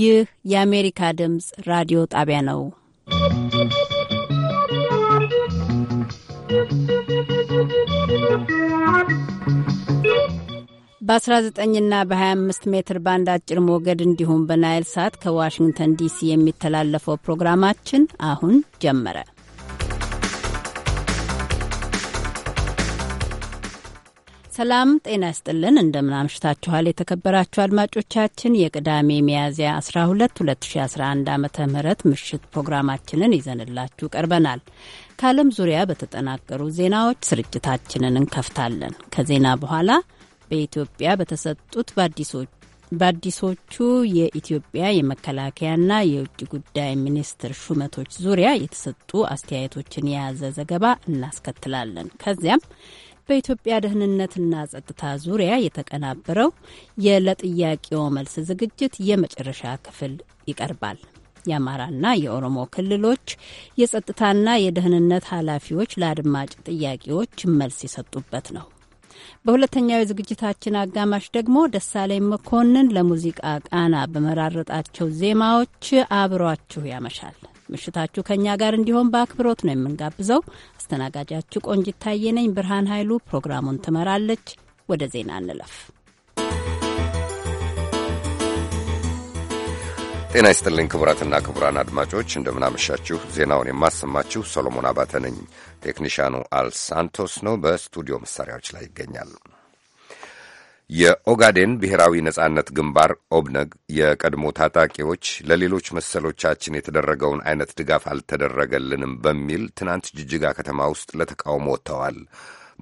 ይህ የአሜሪካ ድምፅ ራዲዮ ጣቢያ ነው። በ19ና በ25 ሜትር ባንድ አጭር ሞገድ እንዲሁም በናይል ሳት ከዋሽንግተን ዲሲ የሚተላለፈው ፕሮግራማችን አሁን ጀመረ። ሰላም ጤና ያስጥልን። እንደምን አምሽታችኋል? የተከበራችሁ አድማጮቻችን የቅዳሜ ሚያዝያ 12 2011 ዓ ም ምሽት ፕሮግራማችንን ይዘንላችሁ ቀርበናል። ከዓለም ዙሪያ በተጠናቀሩ ዜናዎች ስርጭታችንን እንከፍታለን። ከዜና በኋላ በኢትዮጵያ በተሰጡት በአዲሶቹ የኢትዮጵያ የመከላከያና የውጭ ጉዳይ ሚኒስትር ሹመቶች ዙሪያ የተሰጡ አስተያየቶችን የያዘ ዘገባ እናስከትላለን። ከዚያም በኢትዮጵያ ደህንነትና ጸጥታ ዙሪያ የተቀናበረው የለጥያቄው መልስ ዝግጅት የመጨረሻ ክፍል ይቀርባል። የአማራና የኦሮሞ ክልሎች የጸጥታና የደህንነት ኃላፊዎች ለአድማጭ ጥያቄዎች መልስ የሰጡበት ነው። በሁለተኛው የዝግጅታችን አጋማሽ ደግሞ ደሳለኝ መኮንን ለሙዚቃ ቃና በመራረጣቸው ዜማዎች አብሯችሁ ያመሻል። ምሽታችሁ ከእኛ ጋር እንዲሆን በአክብሮት ነው የምንጋብዘው። አስተናጋጃችሁ ቆንጂት ታየነኝ። ብርሃን ኃይሉ ፕሮግራሙን ትመራለች። ወደ ዜና እንለፍ። ጤና ይስጥልኝ ክቡራትና ክቡራን አድማጮች እንደምናመሻችሁ። ዜናውን የማሰማችሁ ሰሎሞን አባተ ነኝ። አልሳንቶስ ነው፣ በስቱዲዮ መሳሪያዎች ላይ ይገኛል። የኦጋዴን ብሔራዊ ነጻነት ግንባር ኦብነግ የቀድሞ ታጣቂዎች ለሌሎች መሰሎቻችን የተደረገውን አይነት ድጋፍ አልተደረገልንም በሚል ትናንት ጅጅጋ ከተማ ውስጥ ለተቃውሞ ወጥተዋል።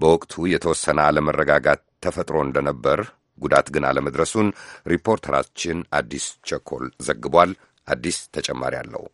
በወቅቱ የተወሰነ አለመረጋጋት ተፈጥሮ እንደነበር፣ ጉዳት ግን አለመድረሱን ሪፖርተራችን አዲስ ቸኮል ዘግቧል። አዲስ ተጨማሪ አለው።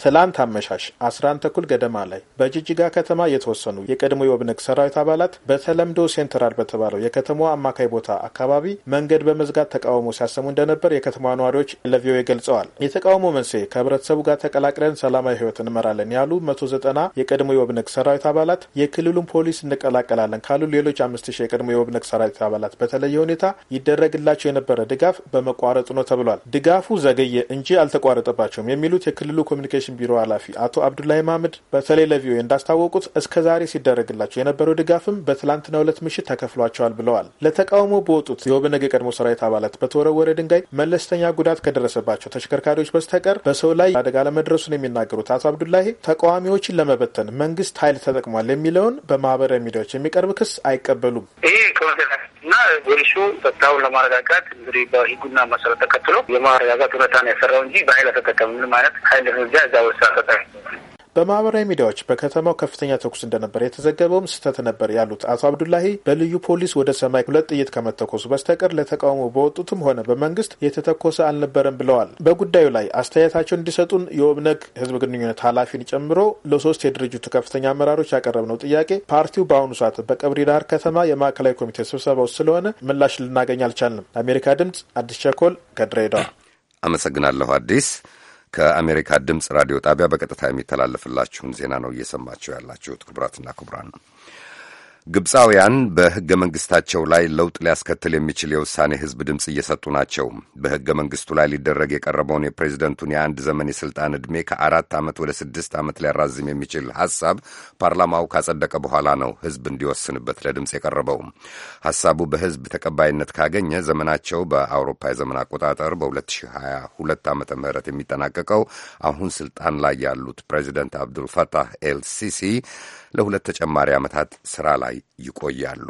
ትላንት አመሻሽ 11 ተኩል ገደማ ላይ በጅጅጋ ከተማ የተወሰኑ የቀድሞ የኦብነግ ሰራዊት አባላት በተለምዶ ሴንትራል በተባለው የከተማዋ አማካይ ቦታ አካባቢ መንገድ በመዝጋት ተቃውሞ ሲያሰሙ እንደነበር የከተማዋ ነዋሪዎች ለቪኦኤ ገልጸዋል። የተቃውሞ መንስኤ ከህብረተሰቡ ጋር ተቀላቅለን ሰላማዊ ህይወት እንመራለን ያሉ 190 የቀድሞ የኦብነግ ሰራዊት አባላት የክልሉን ፖሊስ እንቀላቀላለን ካሉ ሌሎች 5000 የቀድሞ የኦብነግ ሰራዊት አባላት በተለየ ሁኔታ ይደረግላቸው የነበረ ድጋፍ በመቋረጡ ነው ተብሏል። ድጋፉ ዘገየ እንጂ አልተቋረጠባቸውም የሚሉት የክልሉ ኮሚኒኬሽን ኮሚኒኬሽን ቢሮ ኃላፊ አቶ አብዱላይ ማምድ በተለይ ለቪኦኤ እንዳስታወቁት እስከ ዛሬ ሲደረግላቸው የነበረው ድጋፍም በትላንትናው ዕለት ምሽት ተከፍሏቸዋል ብለዋል። ለተቃውሞ በወጡት የኦብነግ የቀድሞ ሰራዊት አባላት በተወረወረ ድንጋይ መለስተኛ ጉዳት ከደረሰባቸው ተሽከርካሪዎች በስተቀር በሰው ላይ አደጋ ለመድረሱን የሚናገሩት አቶ አብዱላሂ ተቃዋሚዎችን ለመበተን መንግስት ኃይል ተጠቅሟል የሚለውን በማህበራዊ ሚዲያዎች የሚቀርብ ክስ አይቀበሉም። እና ፖሊሱ ጸጥታውን ለማረጋጋት እንግዲህ በህጉና መሰረት ተከትሎ የማረጋጋት ሁኔታ ነው የሰራው እንጂ በሀይል አልተጠቀምም። ምንም አይነት ኃይል እርምጃ እዛ ተጠ በማህበራዊ ሚዲያዎች በከተማው ከፍተኛ ተኩስ እንደነበር የተዘገበውም ስህተት ነበር ያሉት አቶ አብዱላሂ በልዩ ፖሊስ ወደ ሰማይ ሁለት ጥይት ከመተኮሱ በስተቀር ለተቃውሞ በወጡትም ሆነ በመንግስት የተተኮሰ አልነበረም ብለዋል። በጉዳዩ ላይ አስተያየታቸውን እንዲሰጡን የኦብነግ ህዝብ ግንኙነት ኃላፊን ጨምሮ ለሶስት የድርጅቱ ከፍተኛ አመራሮች ያቀረብነው ጥያቄ ፓርቲው በአሁኑ ሰዓት በቀብሪ ዳህር ከተማ የማዕከላዊ ኮሚቴ ስብሰባ ውስጥ ስለሆነ ምላሽ ልናገኝ አልቻልንም። ለአሜሪካ ድምጽ አዲስ ቸኮል ከድሬዳዋ አመሰግናለሁ። አዲስ ከአሜሪካ ድምፅ ራዲዮ ጣቢያ በቀጥታ የሚተላለፍላችሁን ዜና ነው እየሰማችሁ ያላችሁት። ክቡራትና ክቡራን ግብፃውያን በሕገ መንግሥታቸው ላይ ለውጥ ሊያስከትል የሚችል የውሳኔ ሕዝብ ድምፅ እየሰጡ ናቸው። በሕገ መንግሥቱ ላይ ሊደረግ የቀረበውን የፕሬዝደንቱን የአንድ ዘመን የሥልጣን ዕድሜ ከአራት ዓመት ወደ ስድስት ዓመት ሊያራዝም የሚችል ሐሳብ ፓርላማው ካጸደቀ በኋላ ነው ሕዝብ እንዲወስንበት ለድምፅ የቀረበው። ሐሳቡ በሕዝብ ተቀባይነት ካገኘ ዘመናቸው በአውሮፓ የዘመን አቆጣጠር በ2022 ዓ ም የሚጠናቀቀው አሁን ስልጣን ላይ ያሉት ፕሬዚደንት አብዱልፈታህ ኤልሲሲ ለሁለት ተጨማሪ ዓመታት ሥራ ላይ ይቆያሉ።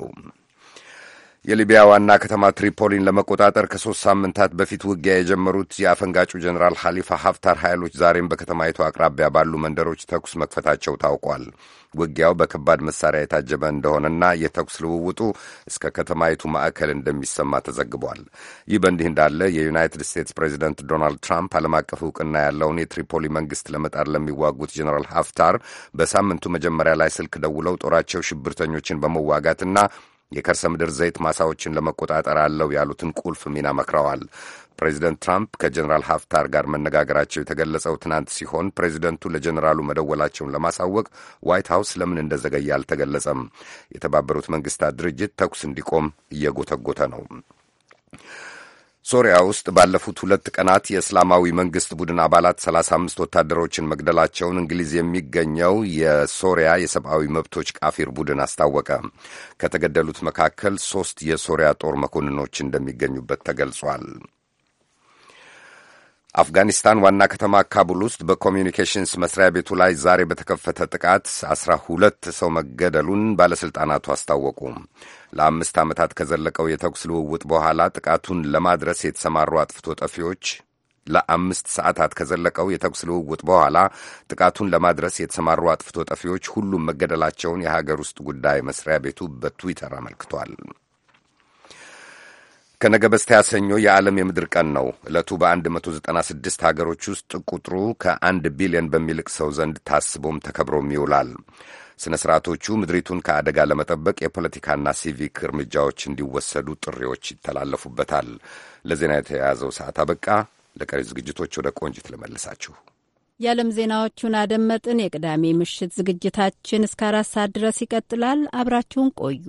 የሊቢያ ዋና ከተማ ትሪፖሊን ለመቆጣጠር ከሦስት ሳምንታት በፊት ውጊያ የጀመሩት የአፈንጋጩ ጀኔራል ሐሊፋ ሀፍታር ኃይሎች ዛሬም በከተማይቱ አቅራቢያ ባሉ መንደሮች ተኩስ መክፈታቸው ታውቋል። ውጊያው በከባድ መሳሪያ የታጀበ እንደሆነና የተኩስ ልውውጡ እስከ ከተማይቱ ማዕከል እንደሚሰማ ተዘግቧል። ይህ በእንዲህ እንዳለ የዩናይትድ ስቴትስ ፕሬዚደንት ዶናልድ ትራምፕ ዓለም አቀፍ እውቅና ያለውን የትሪፖሊ መንግስት ለመጣር ለሚዋጉት ጀኔራል ሀፍታር በሳምንቱ መጀመሪያ ላይ ስልክ ደውለው ጦራቸው ሽብርተኞችን በመዋጋትና የከርሰ ምድር ዘይት ማሳዎችን ለመቆጣጠር አለው ያሉትን ቁልፍ ሚና መክረዋል። ፕሬዚደንት ትራምፕ ከጀኔራል ሀፍታር ጋር መነጋገራቸው የተገለጸው ትናንት ሲሆን ፕሬዚደንቱ ለጀኔራሉ መደወላቸውን ለማሳወቅ ዋይት ሀውስ ለምን እንደዘገየ አልተገለጸም። የተባበሩት መንግስታት ድርጅት ተኩስ እንዲቆም እየጎተጎተ ነው። ሶሪያ ውስጥ ባለፉት ሁለት ቀናት የእስላማዊ መንግስት ቡድን አባላት 35 ወታደሮችን መግደላቸውን እንግሊዝ የሚገኘው የሶሪያ የሰብአዊ መብቶች ቃፊር ቡድን አስታወቀ። ከተገደሉት መካከል ሦስት የሶሪያ ጦር መኮንኖች እንደሚገኙበት ተገልጿል። አፍጋኒስታን ዋና ከተማ ካቡል ውስጥ በኮሚኒኬሽንስ መስሪያ ቤቱ ላይ ዛሬ በተከፈተ ጥቃት አስራ ሁለት ሰው መገደሉን ባለሥልጣናቱ አስታወቁ። ለአምስት ዓመታት ከዘለቀው የተኩስ ልውውጥ በኋላ ጥቃቱን ለማድረስ የተሰማሩ አጥፍቶ ጠፊዎች ለአምስት ሰዓታት ከዘለቀው የተኩስ ልውውጥ በኋላ ጥቃቱን ለማድረስ የተሰማሩ አጥፍቶ ጠፊዎች ሁሉም መገደላቸውን የሀገር ውስጥ ጉዳይ መስሪያ ቤቱ በትዊተር አመልክቷል። ከነገ በስቲያ ሰኞ የዓለም የምድር ቀን ነው። ዕለቱ በ196 ሀገሮች ውስጥ ቁጥሩ ከአንድ ቢሊዮን በሚልቅ ሰው ዘንድ ታስቦም ተከብሮም ይውላል። ሥነ ሥርዓቶቹ ምድሪቱን ከአደጋ ለመጠበቅ የፖለቲካና ሲቪክ እርምጃዎች እንዲወሰዱ ጥሪዎች ይተላለፉበታል። ለዜና የተያያዘው ሰዓት አበቃ። ለቀሪ ዝግጅቶች ወደ ቆንጅት ልመልሳችሁ። የዓለም ዜናዎቹን አደመጥን። የቅዳሜ ምሽት ዝግጅታችን እስከ አራት ሰዓት ድረስ ይቀጥላል። አብራችሁን ቆዩ።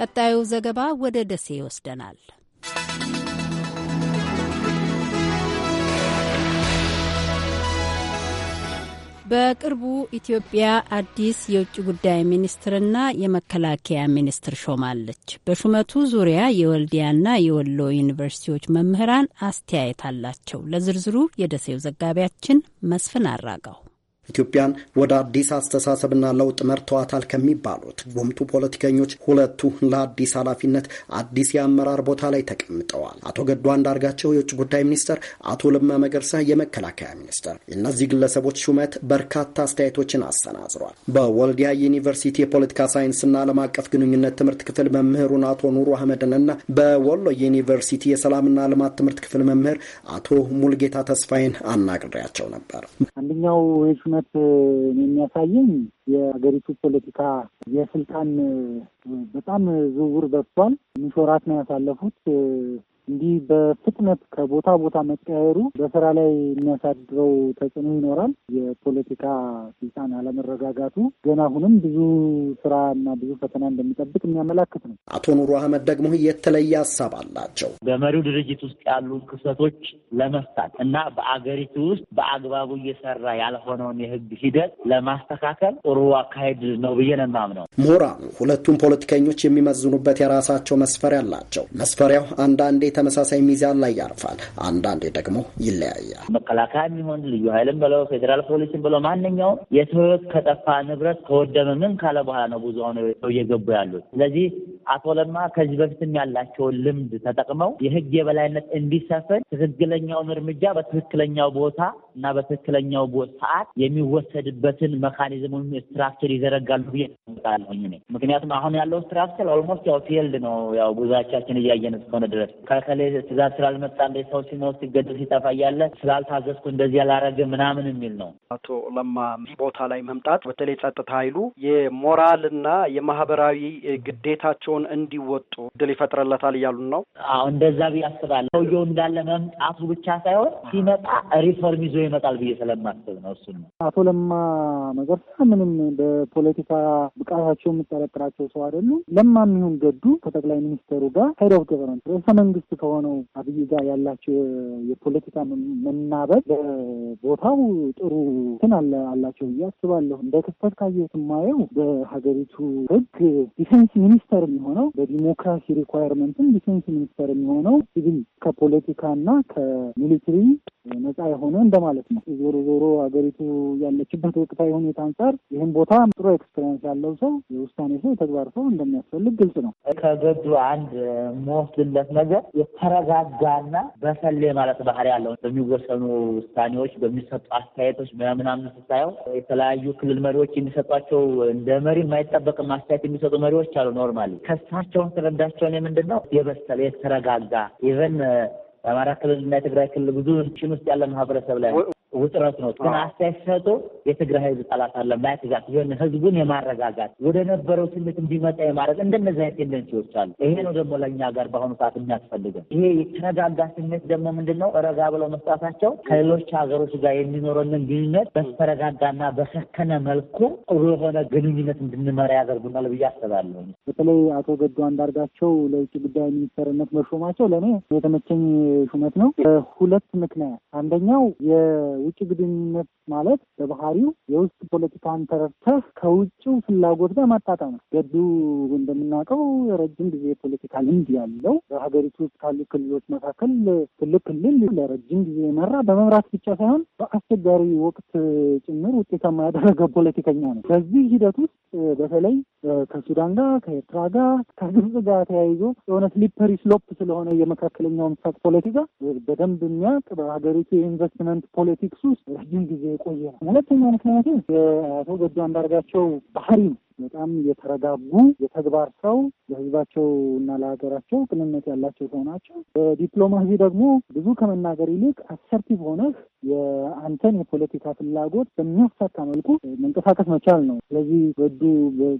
ቀጣዩ ዘገባ ወደ ደሴ ይወስደናል። በቅርቡ ኢትዮጵያ አዲስ የውጭ ጉዳይ ሚኒስትርና የመከላከያ ሚኒስትር ሾማለች። በሹመቱ ዙሪያ የወልዲያና የወሎ ዩኒቨርሲቲዎች መምህራን አስተያየት አላቸው። ለዝርዝሩ የደሴው ዘጋቢያችን መስፍን አራጋው ኢትዮጵያን ወደ አዲስ አስተሳሰብና ለውጥ መርተዋታል ከሚባሉት ጉምቱ ፖለቲከኞች ሁለቱ ለአዲስ ኃላፊነት አዲስ የአመራር ቦታ ላይ ተቀምጠዋል። አቶ ገዱ አንዳርጋቸው የውጭ ጉዳይ ሚኒስትር፣ አቶ ለማ መገርሳ የመከላከያ ሚኒስትር። እነዚህ ግለሰቦች ሹመት በርካታ አስተያየቶችን አሰናዝሯል። በወልዲያ ዩኒቨርሲቲ የፖለቲካ ሳይንስና ዓለም አቀፍ ግንኙነት ትምህርት ክፍል መምህሩን አቶ ኑሩ አህመድንና በወሎ ዩኒቨርሲቲ የሰላምና ልማት ትምህርት ክፍል መምህር አቶ ሙልጌታ ተስፋዬን አናግሬያቸው ነበር። አንደኛው ድክመት የሚያሳየኝ የሀገሪቱ ፖለቲካ የስልጣን በጣም ዝውውር በዝቷል። ሚሾራት ነው ያሳለፉት። እንዲህ በፍጥነት ከቦታ ቦታ መቀያየሩ በስራ ላይ የሚያሳድረው ተጽዕኖ ይኖራል። የፖለቲካ ስልጣን አለመረጋጋቱ ገና አሁንም ብዙ ስራ እና ብዙ ፈተና እንደሚጠብቅ የሚያመላክት ነው። አቶ ኑሩ አህመድ ደግሞ የተለየ ሀሳብ አላቸው። በመሪው ድርጅት ውስጥ ያሉ ክፍተቶች ለመፍታት እና በአገሪቱ ውስጥ በአግባቡ እየሰራ ያልሆነውን የህግ ሂደት ለማስተካከል ጥሩ አካሄድ ነው ብዬ ነው የማምነው። ምሁራኑ ሁለቱም ፖለቲከኞች የሚመዝኑበት የራሳቸው መስፈሪያ አላቸው። መስፈሪያው አንዳንዴ ተመሳሳይ ሚዛን ላይ ያርፋል፣ አንዳንዴ ደግሞ ይለያያል። መከላከያ የሚሆን ልዩ ኃይልም ብለው ፌዴራል ፖሊስም ብለው ማንኛውም የትወት ከጠፋ ንብረት ከወደመ ምን ካለ በኋላ ነው ብዙ አሁን ሰው እየገቡ ያሉት። ስለዚህ አቶ ለማ ከዚህ በፊትም ያላቸውን ልምድ ተጠቅመው የህግ የበላይነት እንዲሰፍን ትክክለኛውን እርምጃ በትክክለኛው ቦታ እና በትክክለኛው ሰዓት የሚወሰድበትን መካኒዝም ወይም ስትራክቸር ይዘረጋሉ ብዬ ጣለሁኝ። ምክንያቱም አሁን ያለው ስትራክቸር ኦልሞስት ያው ፊልድ ነው። ያው ብዙዎቻችን እያየን እስከሆነ ድረስ ከሌ ትእዛዝ ስላልመጣ እንደ ሰው ሲሞት ሲገደል ሲጠፋ እያለ ስላልታዘዝኩ እንደዚህ ያላረገ ምናምን የሚል ነው። አቶ ለማ ቦታ ላይ መምጣት በተለይ ጸጥታ ኃይሉ የሞራልና የማህበራዊ ግዴታቸውን እንዲወጡ ድል ይፈጥረለታል እያሉን ነው። አዎ እንደዛ ብዬ አስባለሁ። ሰውየው እንዳለ መምጣቱ ብቻ ሳይሆን ሲመጣ ሪፎርም ይዞ ይመጣል ብዬ ስለማስብ ነው። እሱ ነው አቶ ለማ መገርሳ ምንም በፖለቲካ ብቃታቸው የምጠረጥራቸው ሰው አይደሉም። ለማ የሚሆን ገዱ ከጠቅላይ ሚኒስተሩ ጋር ሄድ ኦፍ ገቨርንመንት ርዕሰ መንግስት ከሆነው አብይ ጋር ያላቸው የፖለቲካ መናበብ በቦታው ጥሩ እንትን አላቸው ብዬ አስባለሁ። እንደ ክፍተት ካየሁት የማየው በሀገሪቱ ህግ ዲፌንስ ሚኒስተር የሚሆነው በዲሞክራሲ ሪኳየርመንትም ዲፌንስ ሚኒስተር የሚሆነው ሲቪል ከፖለቲካና ከሚሊትሪ ነጻ የሆነ እንደማለት ነው። ዞሮ ዞሮ ሀገሪቱ ያለችበት ወቅታዊ ሁኔታ አንጻር ይህም ቦታ ጥሩ ኤክስፔሪንስ ያለው ሰው የውሳኔ ሰው የተግባር ሰው እንደሚያስፈልግ ግልጽ ነው። ከገዱ አንድ መወስድለት ነገር የተረጋጋና በሰሌ ማለት ባህሪ ያለው በሚወሰኑ ውሳኔዎች በሚሰጡ አስተያየቶች ምናምን ስታየው የተለያዩ ክልል መሪዎች የሚሰጧቸው እንደ መሪ የማይጠበቅ አስተያየት የሚሰጡ መሪዎች አሉ። ኖርማሊ ከሳቸውን ስረዳቸውን የምንድን ነው የበሰለ የተረጋጋ ኢቨን በአማራ ክልልና የትግራይ ክልል ብዙ ችን ውስጥ ያለ ማህበረሰብ ላይ ውጥረት ነው። ግን አስተያየት ሲሰጡ የትግራይ ህዝብ ጠላት አለ ማያትጋት ይሆን ህዝቡን የማረጋጋት ወደ ነበረው ስሜት እንዲመጣ የማድረግ እንደነዚህ አይነት ቴንደንሲዎች አሉ። ይሄ ነው ደግሞ ለእኛ ጋር በአሁኑ ሰዓት የሚያስፈልገን። ይሄ የተረጋጋ ስሜት ደግሞ ምንድን ነው ረጋ ብለው መስጣታቸው ከሌሎች ሀገሮች ጋር የሚኖረንን ግንኙነት በተረጋጋና በሰከነ መልኩ ጥሩ የሆነ ግንኙነት እንድንመራ ያደርጉናል ብዬ አስባለሁ። በተለይ አቶ ገዱ አንዳርጋቸው ለውጭ ጉዳይ ሚኒስተርነት መሾማቸው ለእኔ የተመቸኝ ሹመት ነው። ሁለት ምክንያት አንደኛው የውጭ ግንኙነት ማለት በባህሪው የውስጥ ፖለቲካን ተረድተህ ከውጭው ፍላጎት ጋር ማጣጣም ነው። ገዱ እንደምናውቀው የረጅም ጊዜ የፖለቲካ ልምድ ያለው በሀገሪቱ ውስጥ ካሉ ክልሎች መካከል ትልቅ ክልል ለረጅም ጊዜ የመራ በመምራት ብቻ ሳይሆን በአስቸጋሪ ወቅት ጭምር ውጤታማ ያደረገ ፖለቲከኛ ነው። በዚህ ሂደት ውስጥ በተለይ ከሱዳን ጋር ከኤርትራ ጋር ከግብጽ ጋር ተያይዞ የሆነ ስሊፐሪ ስሎፕ ስለሆነ የመካከለኛው ምስራቅ ፖለቲካ በደንብ የሚያውቅ በሀገሪቱ የኢንቨስትመንት ፖለቲክስ ውስጥ ረጅም ጊዜ የቆየ ነው። ሁለተኛ ምክንያቱ የአቶ ገዱ አንዳርጋቸው ባህሪ ነው። በጣም የተረጋጉ የተግባር ሰው ለህዝባቸው እና ለሀገራቸው ቅንነት ያላቸው ሰው ናቸው። በዲፕሎማሲ ደግሞ ብዙ ከመናገር ይልቅ አሰርቲቭ ሆነህ የአንተን የፖለቲካ ፍላጎት በሚያሳካ መልኩ መንቀሳቀስ መቻል ነው። ስለዚህ በዱ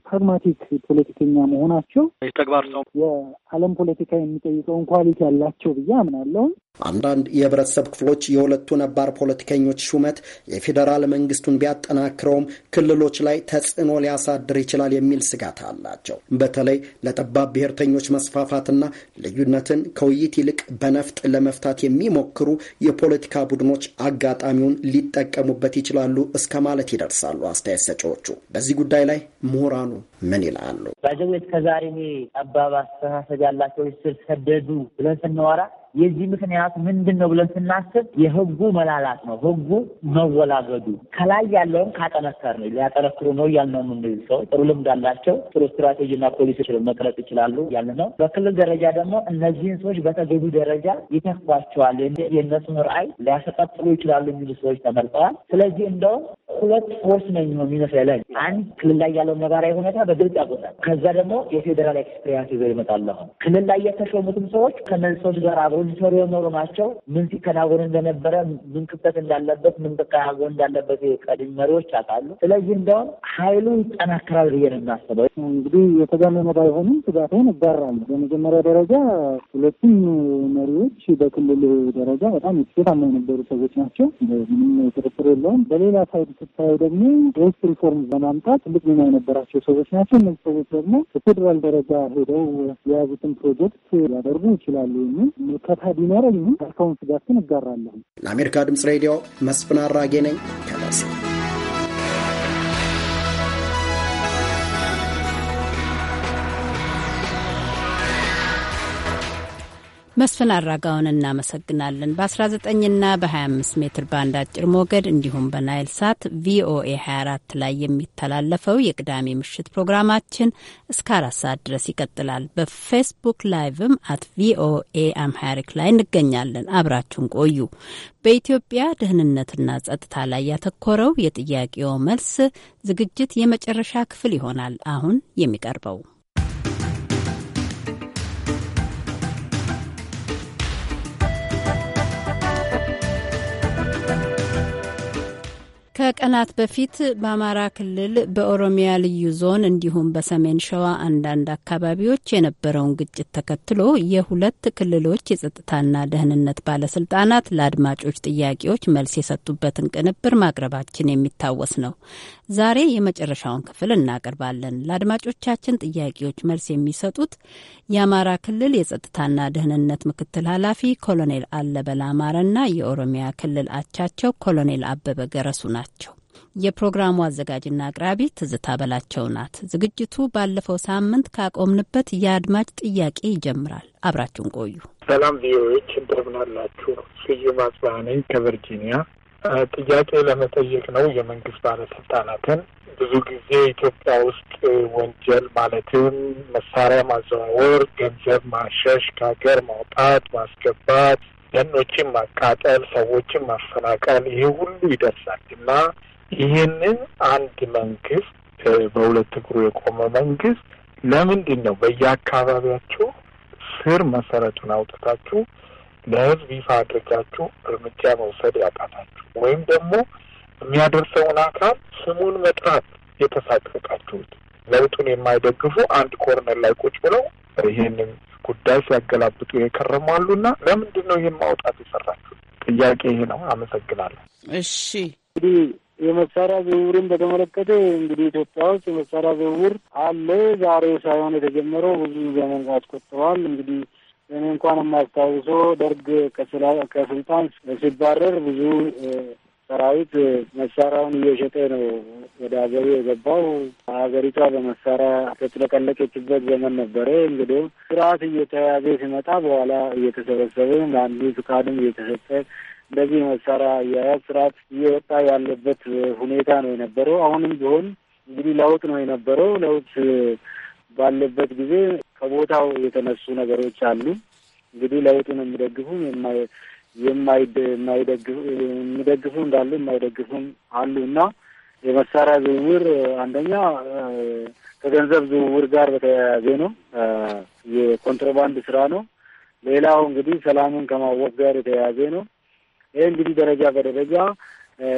ፕራግማቲክ ፖለቲከኛ መሆናቸው ተግባር ሰው የዓለም ፖለቲካ የሚጠይቀውን ኳሊቲ ያላቸው ብዬ አምናለሁ። አንዳንድ የህብረተሰብ ክፍሎች የሁለቱ ነባር ፖለቲከኞች ሹመት የፌዴራል መንግስቱን ቢያጠናክረውም ክልሎች ላይ ተጽዕኖ ሊያሳድር ይችላል የሚል ስጋት አላቸው። በተለይ ለጠባብ ብሔርተኞች መስፋፋትና ልዩነትን ከውይይት ይልቅ በነፍጥ ለመፍታት የሚሞክሩ የፖለቲካ ቡድኖች አጋጣሚውን ሊጠቀሙበት ይችላሉ እስከ ማለት ይደርሳሉ አስተያየት ሰጪዎቹ። በዚህ ጉዳይ ላይ ምሁራኑ ምን ይላሉ? ጋዜጠኞች ከዛሬ ይሄ ጠባብ አስተሳሰብ ያላቸው ስር ሰደዱ ብለን ስናወራ የዚህ ምክንያት ምንድን ነው ብለን ስናስብ የህጉ መላላት ነው። ህጉ መወላገዱ ከላይ ያለውን ካጠነከር ነው ሊያጠነክሩ ነው ነው የምንል ሰው ጥሩ ልምድ አላቸው። ጥሩ ስትራቴጂ ስትራቴጂና ፖሊሲ መቅረጽ ይችላሉ ያለ ነው። በክልል ደረጃ ደግሞ እነዚህን ሰዎች በተገቢ ደረጃ ይተኳቸዋል። የእነሱን ራዕይ ሊያሰቀጥሉ ይችላሉ የሚሉ ሰዎች ተመርጠዋል። ስለዚህ እንደውም ሁለት ፎርስ ነኝ ነው የሚመስለኝ። አንድ ክልል ላይ ያለው ነባራዊ ሁኔታ በግልጽ ያቆጣል። ከዛ ደግሞ የፌዴራል ኤክስፔሪንስ ይዘው ይመጣሉ። ክልል ላይ የተሾሙትም ሰዎች ከነዚህ ሰዎች ጋር አብሮ ኦዲተር የኖሩ ናቸው። ምን ሲከናወን እንደነበረ፣ ምን ክፍተት እንዳለበት፣ ምን ተከናወን እንዳለበት የቀድሞ መሪዎች ያውቃሉ። ስለዚህ እንደውም ሀይሉ ይጠናከራል ብዬ ነው የማስበው። እንግዲህ የተጋመመ ባይሆንም ስጋትን እጋራለሁ። በመጀመሪያ ደረጃ ሁለቱም መሪዎች በክልል ደረጃ በጣም የተሰታማ የነበሩ ሰዎች ናቸው። ምንም ጥርጥር የለውም። በሌላ ሳይድ ስታየው ደግሞ የውስጥ ሪፎርም በማምጣት ትልቅ ሚና የነበራቸው ሰዎች ናቸው። እነዚህ ሰዎች ደግሞ በፌዴራል ደረጃ ሄደው የያዙትን ፕሮጀክት ሊያደርጉ ይችላሉ የሚል ምልከታ ቢኖረኝም ስጋት ግን እጋራለሁ። ለአሜሪካ ድምፅ ሬዲዮ መስፍን አራጌ ነኝ ከደሴ መስፍን አራጋውን እናመሰግናለን። በ19ና በ25 ሜትር ባንድ አጭር ሞገድ እንዲሁም በናይል ሳት ቪኦኤ 24 ላይ የሚተላለፈው የቅዳሜ ምሽት ፕሮግራማችን እስከ አራት ሰዓት ድረስ ይቀጥላል። በፌስቡክ ላይቭም አት ቪኦኤ አምሃሪክ ላይ እንገኛለን። አብራችሁን ቆዩ። በኢትዮጵያ ደህንነትና ጸጥታ ላይ ያተኮረው የጥያቄው መልስ ዝግጅት የመጨረሻ ክፍል ይሆናል አሁን የሚቀርበው ከቀናት በፊት በአማራ ክልል በኦሮሚያ ልዩ ዞን እንዲሁም በሰሜን ሸዋ አንዳንድ አካባቢዎች የነበረውን ግጭት ተከትሎ የሁለት ክልሎች የጸጥታና ደህንነት ባለስልጣናት ለአድማጮች ጥያቄዎች መልስ የሰጡበትን ቅንብር ማቅረባችን የሚታወስ ነው። ዛሬ የመጨረሻውን ክፍል እናቀርባለን። ለአድማጮቻችን ጥያቄዎች መልስ የሚሰጡት የአማራ ክልል የጸጥታና ደህንነት ምክትል ኃላፊ ኮሎኔል አለበል አማረና የኦሮሚያ ክልል አቻቸው ኮሎኔል አበበ ገረሱ ናቸው። የፕሮግራሙ አዘጋጅና አቅራቢ ትዝታ በላቸው ናት። ዝግጅቱ ባለፈው ሳምንት ካቆምንበት የአድማጭ ጥያቄ ይጀምራል። አብራችሁን ቆዩ። ሰላም ቪኦኤዎች እንደምናላችሁ። ስዩም አጽባህ ነኝ ከቨርጂኒያ ጥያቄ ለመጠየቅ ነው። የመንግስት ባለስልጣናትን ብዙ ጊዜ ኢትዮጵያ ውስጥ ወንጀል ማለትም መሳሪያ ማዘዋወር፣ ገንዘብ ማሸሽ፣ ከሀገር ማውጣት፣ ማስገባት፣ ደኖችን ማቃጠል፣ ሰዎችን ማፈናቀል ይሄ ሁሉ ይደርሳል እና ይህንን አንድ መንግስት በሁለት እግሩ የቆመ መንግስት ለምንድን ነው በየአካባቢያችሁ ስር መሰረቱን አውጥታችሁ ለህዝብ ይፋ አድርጋችሁ እርምጃ መውሰድ ያቃታችሁ ወይም ደግሞ የሚያደርሰውን አካል ስሙን መጥራት የተሳቀቃችሁት ለውጡን የማይደግፉ አንድ ኮርነር ላይ ቁጭ ብለው ይህንን ጉዳይ ሲያገላብጡ የከረሙ አሉና ለምንድን ነው ይህን ማውጣት የሰራችሁ? ጥያቄ ይሄ ነው። አመሰግናለሁ። እሺ እንግዲህ የመሳሪያ ዝውውርን በተመለከተ እንግዲህ ኢትዮጵያ ውስጥ የመሳሪያ ዝውውር አለ። ዛሬ ሳይሆን የተጀመረው ብዙ ዘመን አስቆጥረዋል። እንግዲህ እኔ እንኳን የማስታውሶ ደርግ ከስልጣን ሲባረር ብዙ ሰራዊት መሳሪያውን እየሸጠ ነው ወደ ሀገሩ የገባው። ሀገሪቷ በመሳሪያ የተጥለቀለቀችበት ዘመን ነበረ። እንግዲህ ስርዓት እየተያዘ ሲመጣ በኋላ እየተሰበሰበ ለአንዱ ፍቃድም እየተሰጠ እንደዚህ መሳሪያ አያያዝ ስርዓት እየወጣ ያለበት ሁኔታ ነው የነበረው። አሁንም ቢሆን እንግዲህ ለውጥ ነው የነበረው ለውጥ ባለበት ጊዜ ከቦታው የተነሱ ነገሮች አሉ። እንግዲህ ለውጡን የሚደግፉ የሚደግፉ እንዳሉ የማይደግፉም አሉ እና የመሳሪያ ዝውውር አንደኛ ከገንዘብ ዝውውር ጋር በተያያዘ ነው። የኮንትሮባንድ ስራ ነው። ሌላው እንግዲህ ሰላሙን ከማወቅ ጋር የተያያዘ ነው። ይህ እንግዲህ ደረጃ በደረጃ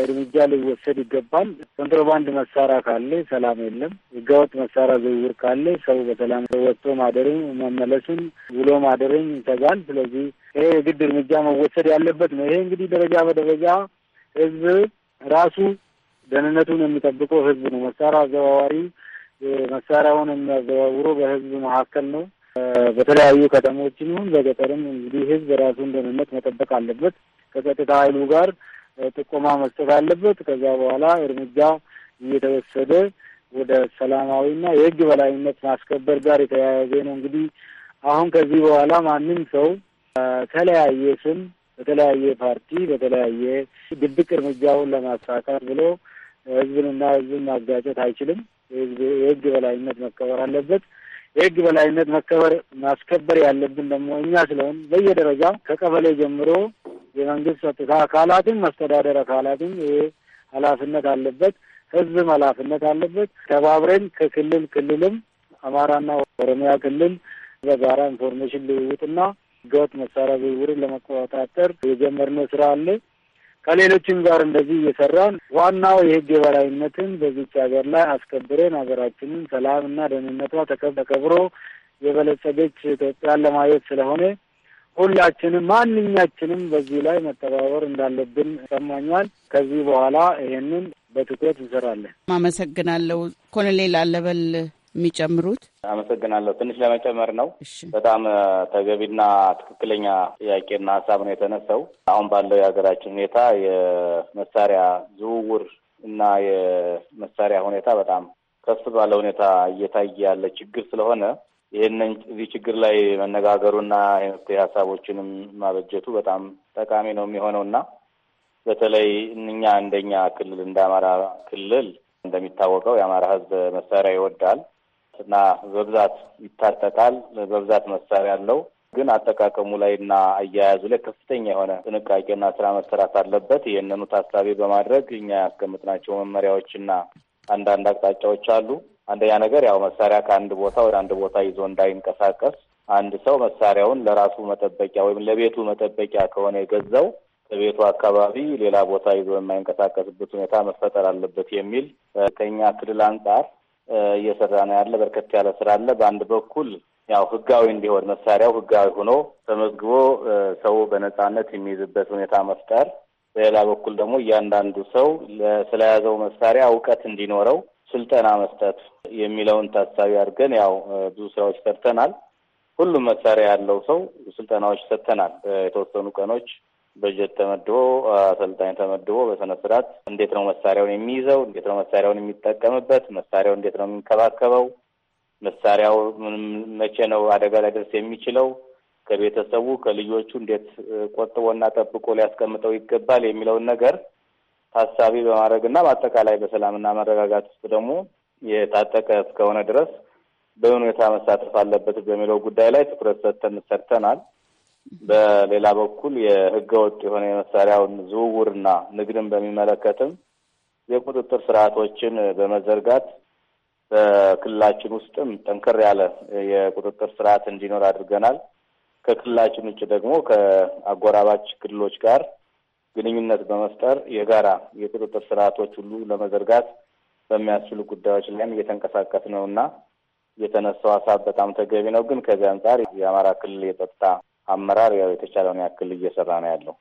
እርምጃ ሊወሰድ ይገባል። ኮንትሮባንድ መሳሪያ ካለ ሰላም የለም። ህገወጥ መሳሪያ ዝውውር ካለ ሰው በሰላም ወጥቶ ማደርን መመለሱን ውሎ ማደርን ይተጋል። ስለዚህ ይሄ የግድ እርምጃ መወሰድ ያለበት ነው። ይሄ እንግዲህ ደረጃ በደረጃ ህዝብ ራሱ ደህንነቱን የሚጠብቀው ህዝብ ነው። መሳሪያ አዘዋዋሪ መሳሪያውን የሚያዘዋውሮ በህዝብ መካከል ነው። በተለያዩ ከተሞችን ይሁን በገጠርም እንግዲህ ህዝብ ራሱን ደህንነት መጠበቅ አለበት ከጸጥታ ኃይሉ ጋር ጥቆማ መስጠት አለበት። ከዛ በኋላ እርምጃ እየተወሰደ ወደ ሰላማዊና የህግ በላይነት ማስከበር ጋር የተያያዘ ነው። እንግዲህ አሁን ከዚህ በኋላ ማንም ሰው በተለያየ ስም፣ በተለያየ ፓርቲ፣ በተለያየ ድብቅ እርምጃውን ለማሳካት ብሎ ህዝብንና ህዝብን ማጋጨት አይችልም። የህግ በላይነት መከበር አለበት። የህግ በላይነት መከበር ማስከበር ያለብን ደግሞ እኛ ስለሆን በየደረጃ ከቀበሌ ጀምሮ የመንግስት ጸጥታ አካላትን መስተዳደር አካላትን ይሄ ኃላፊነት አለበት። ህዝብም ኃላፊነት አለበት። ተባብረን ከክልል ክልልም አማራና ኦሮሚያ ክልል በጋራ ኢንፎርሜሽን ልውውጥና ህገወጥ መሳሪያ ዝውውርን ለመቆጣጠር የጀመርነው ስራ አለ። ከሌሎችም ጋር እንደዚህ እየሰራን ዋናው የህግ የበላይነትን በዚች ሀገር ላይ አስከብረን ሀገራችንን ሰላምና ደህንነቷ ተከብሮ የበለጸገች ኢትዮጵያን ለማየት ስለሆነ ሁላችንም ማንኛችንም በዚህ ላይ መተባበር እንዳለብን ይሰማኛል። ከዚህ በኋላ ይሄንን በትኩረት እንሰራለን። አመሰግናለሁ። ኮሎኔል አለበል የሚጨምሩት አመሰግናለሁ። ትንሽ ለመጨመር ነው። በጣም ተገቢና ትክክለኛ ጥያቄና ሀሳብ ነው የተነሳው። አሁን ባለው የሀገራችን ሁኔታ የመሳሪያ ዝውውር እና የመሳሪያ ሁኔታ በጣም ከፍ ባለ ሁኔታ እየታየ ያለ ችግር ስለሆነ ይህንን እዚህ ችግር ላይ መነጋገሩና የመፍትሄ ሀሳቦችንም ማበጀቱ በጣም ጠቃሚ ነው የሚሆነውና በተለይ እኛ እንደኛ ክልል እንደ አማራ ክልል እንደሚታወቀው የአማራ ሕዝብ መሳሪያ ይወዳል እና በብዛት ይታጠቃል። በብዛት መሳሪያ አለው። ግን አጠቃቀሙ ላይ እና አያያዙ ላይ ከፍተኛ የሆነ ጥንቃቄና ስራ መሰራት አለበት። ይህንኑ ታሳቢ በማድረግ እኛ ያስቀምጥናቸው መመሪያዎችና አንዳንድ አቅጣጫዎች አሉ። አንደኛ ነገር ያው መሳሪያ ከአንድ ቦታ ወደ አንድ ቦታ ይዞ እንዳይንቀሳቀስ አንድ ሰው መሳሪያውን ለራሱ መጠበቂያ ወይም ለቤቱ መጠበቂያ ከሆነ የገዛው ከቤቱ አካባቢ ሌላ ቦታ ይዞ የማይንቀሳቀስበት ሁኔታ መፈጠር አለበት የሚል ከኛ ክልል አንጻር እየሰራ ነው ያለ በርከት ያለ ስራ አለ። በአንድ በኩል ያው ህጋዊ እንዲሆን መሳሪያው ህጋዊ ሆኖ ተመዝግቦ ሰው በነጻነት የሚይዝበት ሁኔታ መፍጠር፣ በሌላ በኩል ደግሞ እያንዳንዱ ሰው ስለያዘው መሳሪያ እውቀት እንዲኖረው ስልጠና መስጠት የሚለውን ታሳቢ አድርገን ያው ብዙ ስራዎች ሰርተናል። ሁሉም መሳሪያ ያለው ሰው ስልጠናዎች ሰጥተናል። የተወሰኑ ቀኖች በጀት ተመድቦ አሰልጣኝ ተመድቦ በስነ ስርዓት እንዴት ነው መሳሪያውን የሚይዘው፣ እንዴት ነው መሳሪያውን የሚጠቀምበት፣ መሳሪያው እንዴት ነው የሚንከባከበው፣ መሳሪያው መቼ ነው አደጋ ላይ ደርስ የሚችለው፣ ከቤተሰቡ ከልጆቹ እንዴት ቆጥቦና ጠብቆ ሊያስቀምጠው ይገባል የሚለውን ነገር ታሳቢ በማድረግ እና በአጠቃላይ በሰላምና መረጋጋት ውስጥ ደግሞ የታጠቀ እስከሆነ ድረስ በምን ሁኔታ መሳተፍ አለበት በሚለው ጉዳይ ላይ ትኩረት ሰጥተን ሰርተናል። በሌላ በኩል የህገ ወጥ የሆነ የመሳሪያውን ዝውውርና ንግድን በሚመለከትም የቁጥጥር ስርዓቶችን በመዘርጋት በክልላችን ውስጥም ጠንከር ያለ የቁጥጥር ስርዓት እንዲኖር አድርገናል። ከክልላችን ውጭ ደግሞ ከአጎራባች ክልሎች ጋር ግንኙነት በመፍጠር የጋራ የቁጥጥር ስርዓቶች ሁሉ ለመዘርጋት በሚያስችሉ ጉዳዮች ላይም እየተንቀሳቀስ ነው እና የተነሳው ሀሳብ በጣም ተገቢ ነው። ግን ከዚህ አንጻር የአማራ ክልል የጸጥታ አመራር ያው የተቻለውን ያክል እየሰራ ነው ያለው።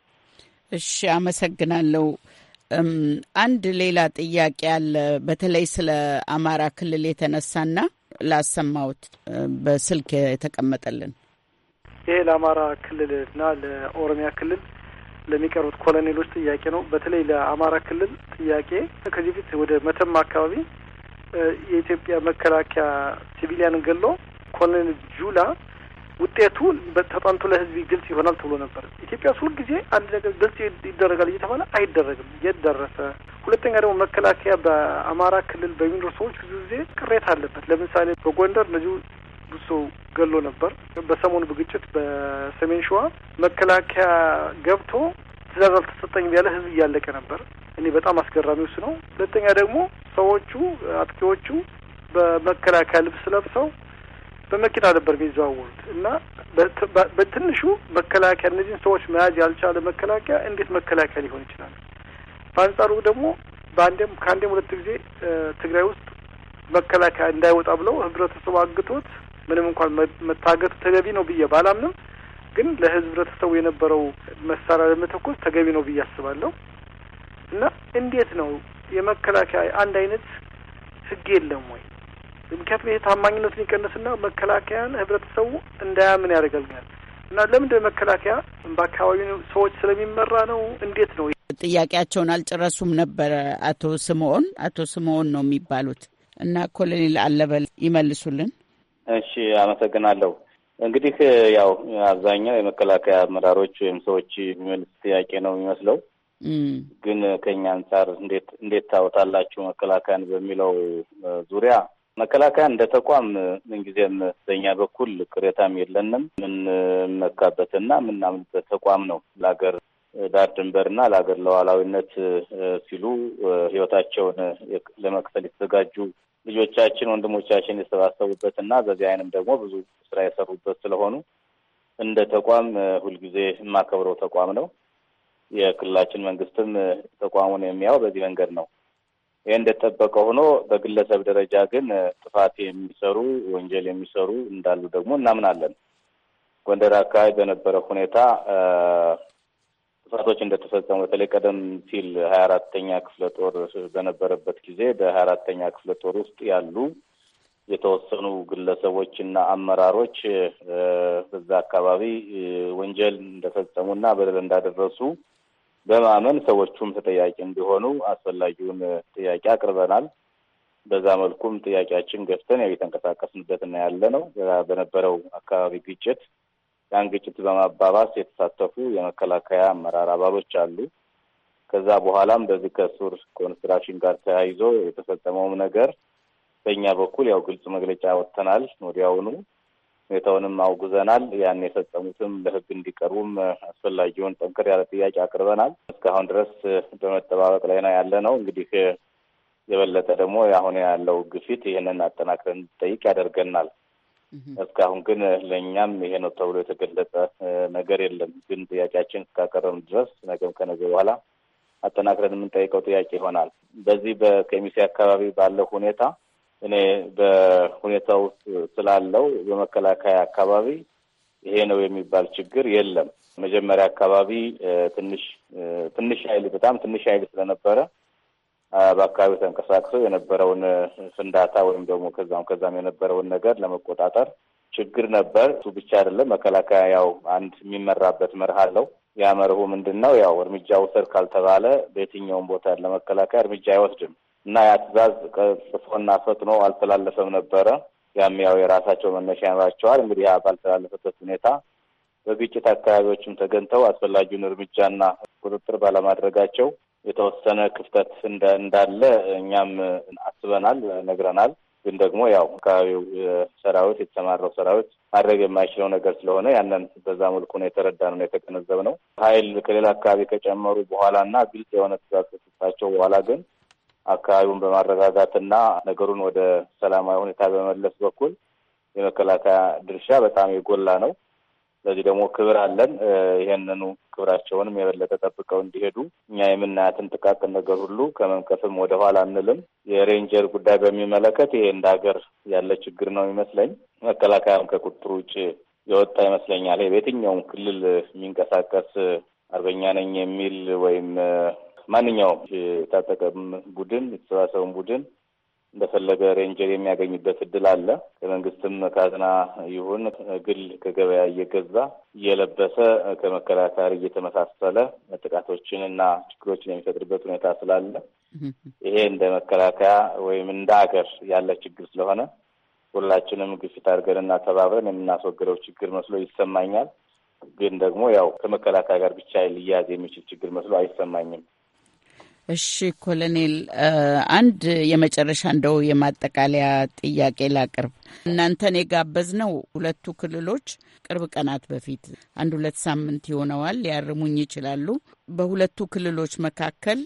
እሺ፣ አመሰግናለሁ። አንድ ሌላ ጥያቄ አለ። በተለይ ስለ አማራ ክልል የተነሳና ላሰማሁት በስልክ የተቀመጠልን ይህ ለአማራ ክልልና ለኦሮሚያ ክልል ለሚቀርቡት ኮሎኔሎች ጥያቄ ነው። በተለይ ለአማራ ክልል ጥያቄ ከዚህ ፊት ወደ መተማ አካባቢ የኢትዮጵያ መከላከያ ሲቪሊያንን ገሎ ኮሎኔል ጁላ ውጤቱ ተጠንቶ ለህዝብ ግልጽ ይሆናል ተብሎ ነበር። ኢትዮጵያ ውስጥ ሁልጊዜ አንድ ነገር ግልጽ ይደረጋል እየተባለ አይደረግም። የት ደረሰ? ሁለተኛ ደግሞ መከላከያ በአማራ ክልል በሚኖር ሰዎች ብዙ ጊዜ ቅሬታ አለበት። ለምሳሌ በጎንደር እነዚሁ ብዙ ሰው ገሎ ነበር። በሰሞኑ በግጭት በሰሜን ሸዋ መከላከያ ገብቶ ትእዛዝ አልተሰጠኝ ያለ ህዝብ እያለቀ ነበር። እኔ በጣም አስገራሚው ውስ ነው። ሁለተኛ ደግሞ ሰዎቹ አጥቂዎቹ በመከላከያ ልብስ ለብሰው በመኪና ነበር የሚዘዋወሩት እና በትንሹ መከላከያ እነዚህን ሰዎች መያዝ ያልቻለ መከላከያ እንዴት መከላከያ ሊሆን ይችላል? በአንጻሩ ደግሞ በአንዴም ከአንዴም ሁለት ጊዜ ትግራይ ውስጥ መከላከያ እንዳይወጣ ብለው ህብረተሰቡ አግቶት ምንም እንኳን መታገቱ ተገቢ ነው ብዬ ባላምንም ግን ለህብረተሰቡ የነበረው መሳሪያ ለመተኮስ ተገቢ ነው ብዬ አስባለሁ እና እንዴት ነው የመከላከያ አንድ አይነት ህግ የለም ወይ? ምክንያቱም ይሄ ታማኝነቱን ይቀንስና መከላከያን ህብረተሰቡ እንዳያምን ያደርገልኛል። እና ለምንድነው መከላከያ በአካባቢው ሰዎች ስለሚመራ ነው? እንዴት ነው? ጥያቄያቸውን አልጨረሱም ነበረ አቶ ስምዖን አቶ ስምዖን ነው የሚባሉት እና ኮሎኔል አለበል ይመልሱልን። እሺ፣ አመሰግናለሁ። እንግዲህ ያው አብዛኛው የመከላከያ አመራሮች ወይም ሰዎች የሚመልስ ጥያቄ ነው የሚመስለው። ግን ከኛ አንጻር እንዴት እንዴት ታወታላችሁ መከላከያን በሚለው ዙሪያ መከላከያ እንደ ተቋም ምንጊዜም በኛ በኩል ቅሬታም የለንም። የምንመካበትና የምናምንበት ተቋም ነው። ለሀገር ዳር ድንበርና ለሀገር ለዋላዊነት ሲሉ ህይወታቸውን ለመክፈል የተዘጋጁ ልጆቻችን ወንድሞቻችን የተሰባሰቡበት እና በዚህ አይንም ደግሞ ብዙ ስራ የሰሩበት ስለሆኑ እንደ ተቋም ሁልጊዜ የማከብረው ተቋም ነው። የክልላችን መንግስትም ተቋሙን የሚያው በዚህ መንገድ ነው። ይህ እንደተጠበቀ ሆኖ በግለሰብ ደረጃ ግን ጥፋት የሚሰሩ ወንጀል የሚሰሩ እንዳሉ ደግሞ እናምናለን። ጎንደር አካባቢ በነበረ ሁኔታ ጥፋቶች እንደተፈጸሙ በተለይ ቀደም ሲል ሀያ አራተኛ ክፍለ ጦር በነበረበት ጊዜ በሀያ አራተኛ ክፍለ ጦር ውስጥ ያሉ የተወሰኑ ግለሰቦች እና አመራሮች በዛ አካባቢ ወንጀል እንደፈጸሙ እና በደል እንዳደረሱ በማመን ሰዎቹም ተጠያቂ እንዲሆኑ አስፈላጊውን ጥያቄ አቅርበናል። በዛ መልኩም ጥያቄያችን ገፍተን ያው እና ያለ ነው። በነበረው አካባቢ ግጭት ያን ግጭት በማባባስ የተሳተፉ የመከላከያ አመራር አባሎች አሉ። ከዛ በኋላም በዚህ ከሱር ኮንስትራክሽን ጋር ተያይዞ የተፈጸመውም ነገር በእኛ በኩል ያው ግልጽ መግለጫ ወጥተናል። ወዲያውኑ ሁኔታውንም አውግዘናል። ያን የፈጸሙትም ለሕግ እንዲቀርቡም አስፈላጊውን ጠንከር ያለ ጥያቄ አቅርበናል። እስካሁን ድረስ በመጠባበቅ ላይ ነው ያለ ነው። እንግዲህ የበለጠ ደግሞ አሁን ያለው ግፊት ይህንን አጠናክረን እንጠይቅ ያደርገናል። እስካሁን ግን ለእኛም ይሄ ነው ተብሎ የተገለጸ ነገር የለም። ግን ጥያቄያችን እስካቀረም ድረስ ነገም ከነገ በኋላ አጠናክረን የምንጠይቀው ጥያቄ ይሆናል። በዚህ በኬሚሴ አካባቢ ባለው ሁኔታ እኔ በሁኔታው ስላለው በመከላከያ አካባቢ ይሄ ነው የሚባል ችግር የለም። መጀመሪያ አካባቢ ትንሽ ትንሽ ኃይል በጣም ትንሽ ኃይል ስለነበረ በአካባቢው ተንቀሳቅሰው የነበረውን ፍንዳታ ወይም ደግሞ ከዛም ከዛም የነበረውን ነገር ለመቆጣጠር ችግር ነበር። እሱ ብቻ አይደለም። መከላከያ ያው አንድ የሚመራበት መርህ አለው። ያ መርሁ ምንድን ነው? ያው እርምጃ ውሰድ ካልተባለ በየትኛውም ቦታ ለመከላከያ እርምጃ አይወስድም እና ያ ትዕዛዝ ጽፎና ፈጥኖ አልተላለፈም ነበረ። ያም ያው የራሳቸው መነሻ ያኖራቸዋል። እንግዲህ ያ ባልተላለፈበት ሁኔታ በግጭት አካባቢዎችም ተገኝተው አስፈላጊውን እርምጃና ቁጥጥር ባለማድረጋቸው የተወሰነ ክፍተት እንዳለ እኛም አስበናል፣ ነግረናል። ግን ደግሞ ያው አካባቢው ሰራዊት የተሰማራው ሰራዊት ማድረግ የማይችለው ነገር ስለሆነ ያንን በዛ መልኩ ነው የተረዳ ነው ነው። ኃይል ከሌላ አካባቢ ከጨመሩ በኋላ እና ግልጽ የሆነ ትእዛዝ ከሰጣቸው በኋላ ግን አካባቢውን በማረጋጋትና ነገሩን ወደ ሰላማዊ ሁኔታ በመለስ በኩል የመከላከያ ድርሻ በጣም የጎላ ነው። ስለዚህ ደግሞ ክብር አለን። ይህንኑ ክብራቸውንም የበለጠ ጠብቀው እንዲሄዱ እኛ የምናያትን ጥቃቅን ነገር ሁሉ ከመንቀፍም ወደ ኋላ አንልም። የሬንጀር ጉዳይ በሚመለከት ይሄ እንደ ሀገር ያለ ችግር ነው ይመስለኝ። መከላከያም ከቁጥር ውጭ የወጣ ይመስለኛል። በየትኛውም ክልል የሚንቀሳቀስ አርበኛ ነኝ የሚል ወይም ማንኛውም የታጠቀም ቡድን የተሰባሰበን ቡድን እንደፈለገ ሬንጀር የሚያገኝበት እድል አለ። ከመንግስትም ካዝና ይሁን ግል ከገበያ እየገዛ እየለበሰ ከመከላከያ እየተመሳሰለ ጥቃቶችን እና ችግሮችን የሚፈጥርበት ሁኔታ ስላለ ይሄ እንደ መከላከያ ወይም እንደ ሀገር ያለ ችግር ስለሆነ ሁላችንም ግፊት እና ተባብረን የምናስወግደው ችግር መስሎ ይሰማኛል። ግን ደግሞ ያው ከመከላከያ ጋር ብቻ ሊያዝ የሚችል ችግር መስሎ አይሰማኝም። እሺ ኮሎኔል፣ አንድ የመጨረሻ እንደው የማጠቃለያ ጥያቄ ላቅርብ። እናንተን የጋበዝነው ሁለቱ ክልሎች ቅርብ ቀናት በፊት አንድ ሁለት ሳምንት ይሆነዋል፣ ሊያርሙኝ ይችላሉ። በሁለቱ ክልሎች መካከል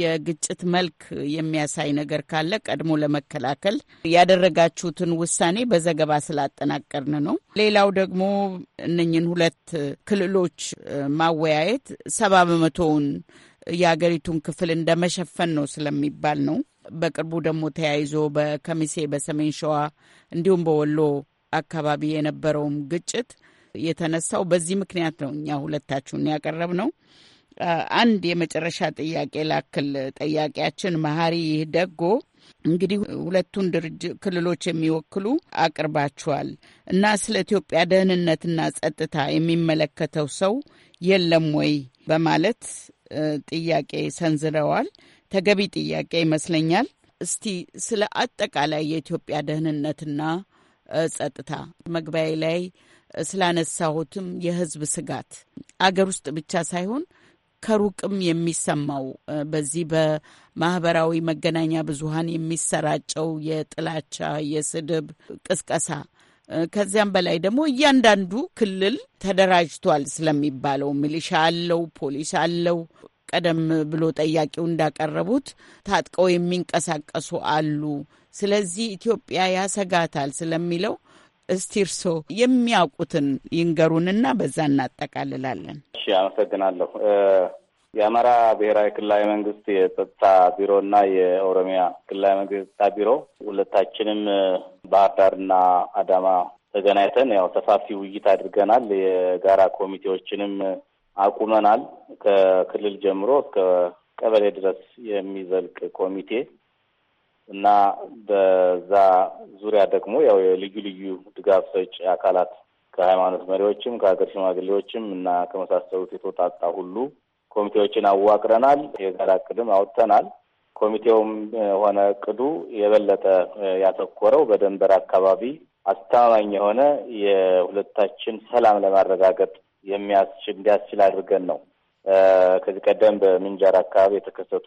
የግጭት መልክ የሚያሳይ ነገር ካለ ቀድሞ ለመከላከል ያደረጋችሁትን ውሳኔ በዘገባ ስላጠናቀርን ነው። ሌላው ደግሞ እነኝን ሁለት ክልሎች ማወያየት ሰባ በመቶውን የአገሪቱን ክፍል እንደመሸፈን ነው ስለሚባል ነው። በቅርቡ ደግሞ ተያይዞ በከሚሴ በሰሜን ሸዋ እንዲሁም በወሎ አካባቢ የነበረውም ግጭት የተነሳው በዚህ ምክንያት ነው። እኛ ሁለታችሁን ያቀረብ ነው። አንድ የመጨረሻ ጥያቄ ላክል። ጠያቂያችን መሀሪ ይህ ደጎ እንግዲህ ሁለቱን ድርጅት ክልሎች የሚወክሉ አቅርባችኋል እና ስለ ኢትዮጵያ ደህንነትና ጸጥታ የሚመለከተው ሰው የለም ወይ በማለት ጥያቄ ሰንዝረዋል። ተገቢ ጥያቄ ይመስለኛል። እስቲ ስለ አጠቃላይ የኢትዮጵያ ደህንነትና ጸጥታ መግቢያ ላይ ስላነሳሁትም የህዝብ ስጋት አገር ውስጥ ብቻ ሳይሆን ከሩቅም የሚሰማው በዚህ በማህበራዊ መገናኛ ብዙሃን የሚሰራጨው የጥላቻ የስድብ ቅስቀሳ ከዚያም በላይ ደግሞ እያንዳንዱ ክልል ተደራጅቷል ስለሚባለው ሚሊሻ አለው፣ ፖሊስ አለው፣ ቀደም ብሎ ጠያቂው እንዳቀረቡት ታጥቀው የሚንቀሳቀሱ አሉ። ስለዚህ ኢትዮጵያ ያሰጋታል ስለሚለው እስቲ እርሶ የሚያውቁትን ይንገሩንና በዛ እናጠቃልላለን። እሺ፣ አመሰግናለሁ። የአማራ ብሔራዊ ክልላዊ መንግስት የጸጥታ ቢሮ እና የኦሮሚያ ክልላዊ መንግስት የጸጥታ ቢሮ ሁለታችንም ባህር ዳርና አዳማ ተገናኝተን ያው ሰፋፊ ውይይት አድርገናል። የጋራ ኮሚቴዎችንም አቁመናል። ከክልል ጀምሮ እስከ ቀበሌ ድረስ የሚዘልቅ ኮሚቴ እና በዛ ዙሪያ ደግሞ ያው የልዩ ልዩ ድጋፍ ሰጪ አካላት ከሃይማኖት መሪዎችም ከሀገር ሽማግሌዎችም እና ከመሳሰሉት የተወጣጣ ሁሉ ኮሚቴዎችን አዋቅረናል። የጋራ እቅድም አውጥተናል። ኮሚቴውም ሆነ እቅዱ የበለጠ ያተኮረው በደንበር አካባቢ አስተማማኝ የሆነ የሁለታችን ሰላም ለማረጋገጥ የሚያስችል እንዲያስችል አድርገን ነው። ከዚህ ቀደም በምንጃር አካባቢ የተከሰቱ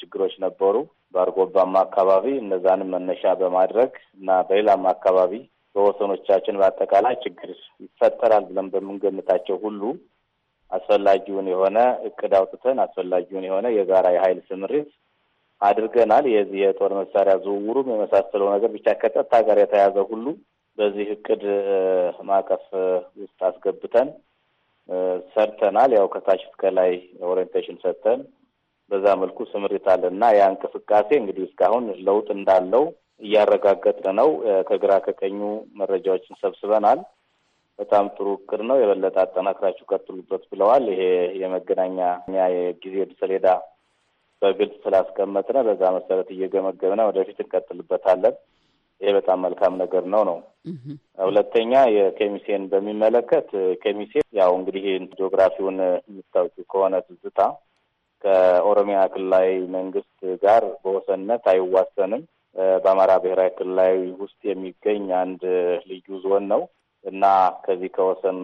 ችግሮች ነበሩ። በአርጎባማ አካባቢ እነዛንም መነሻ በማድረግ እና በሌላም አካባቢ በወሰኖቻችን በአጠቃላይ ችግር ይፈጠራል ብለን በምንገምታቸው ሁሉ አስፈላጊውን የሆነ እቅድ አውጥተን አስፈላጊውን የሆነ የጋራ የኃይል ስምሪት አድርገናል። የዚህ የጦር መሳሪያ ዝውውሩም የመሳሰለው ነገር ብቻ ከጸጥታ ጋር የተያዘ ሁሉ በዚህ እቅድ ማዕቀፍ ውስጥ አስገብተን ሰርተናል። ያው ከታች እስከ ላይ ኦሪየንቴሽን ሰጥተን በዛ መልኩ ስምሪት እና ያ እንቅስቃሴ እንግዲህ እስካሁን ለውጥ እንዳለው እያረጋገጥን ነው። ከግራ ከቀኙ መረጃዎችን ሰብስበናል። በጣም ጥሩ እቅድ ነው። የበለጠ አጠናክራችሁ ቀጥሉበት ብለዋል። ይሄ የመገናኛ የጊዜ ሰሌዳ በግልጽ ስላስቀመጥነ በዛ መሰረት እየገመገብነ ወደፊት እንቀጥልበታለን። ይህ በጣም መልካም ነገር ነው ነው። ሁለተኛ የኬሚሴን በሚመለከት ኬሚሴ ያው እንግዲህ ጂኦግራፊውን የምታውቂ ከሆነ ትዝታ ከኦሮሚያ ክልላዊ መንግስት ጋር በወሰንነት አይዋሰንም። በአማራ ብሔራዊ ክልላዊ ውስጥ የሚገኝ አንድ ልዩ ዞን ነው እና ከዚህ ከወሰን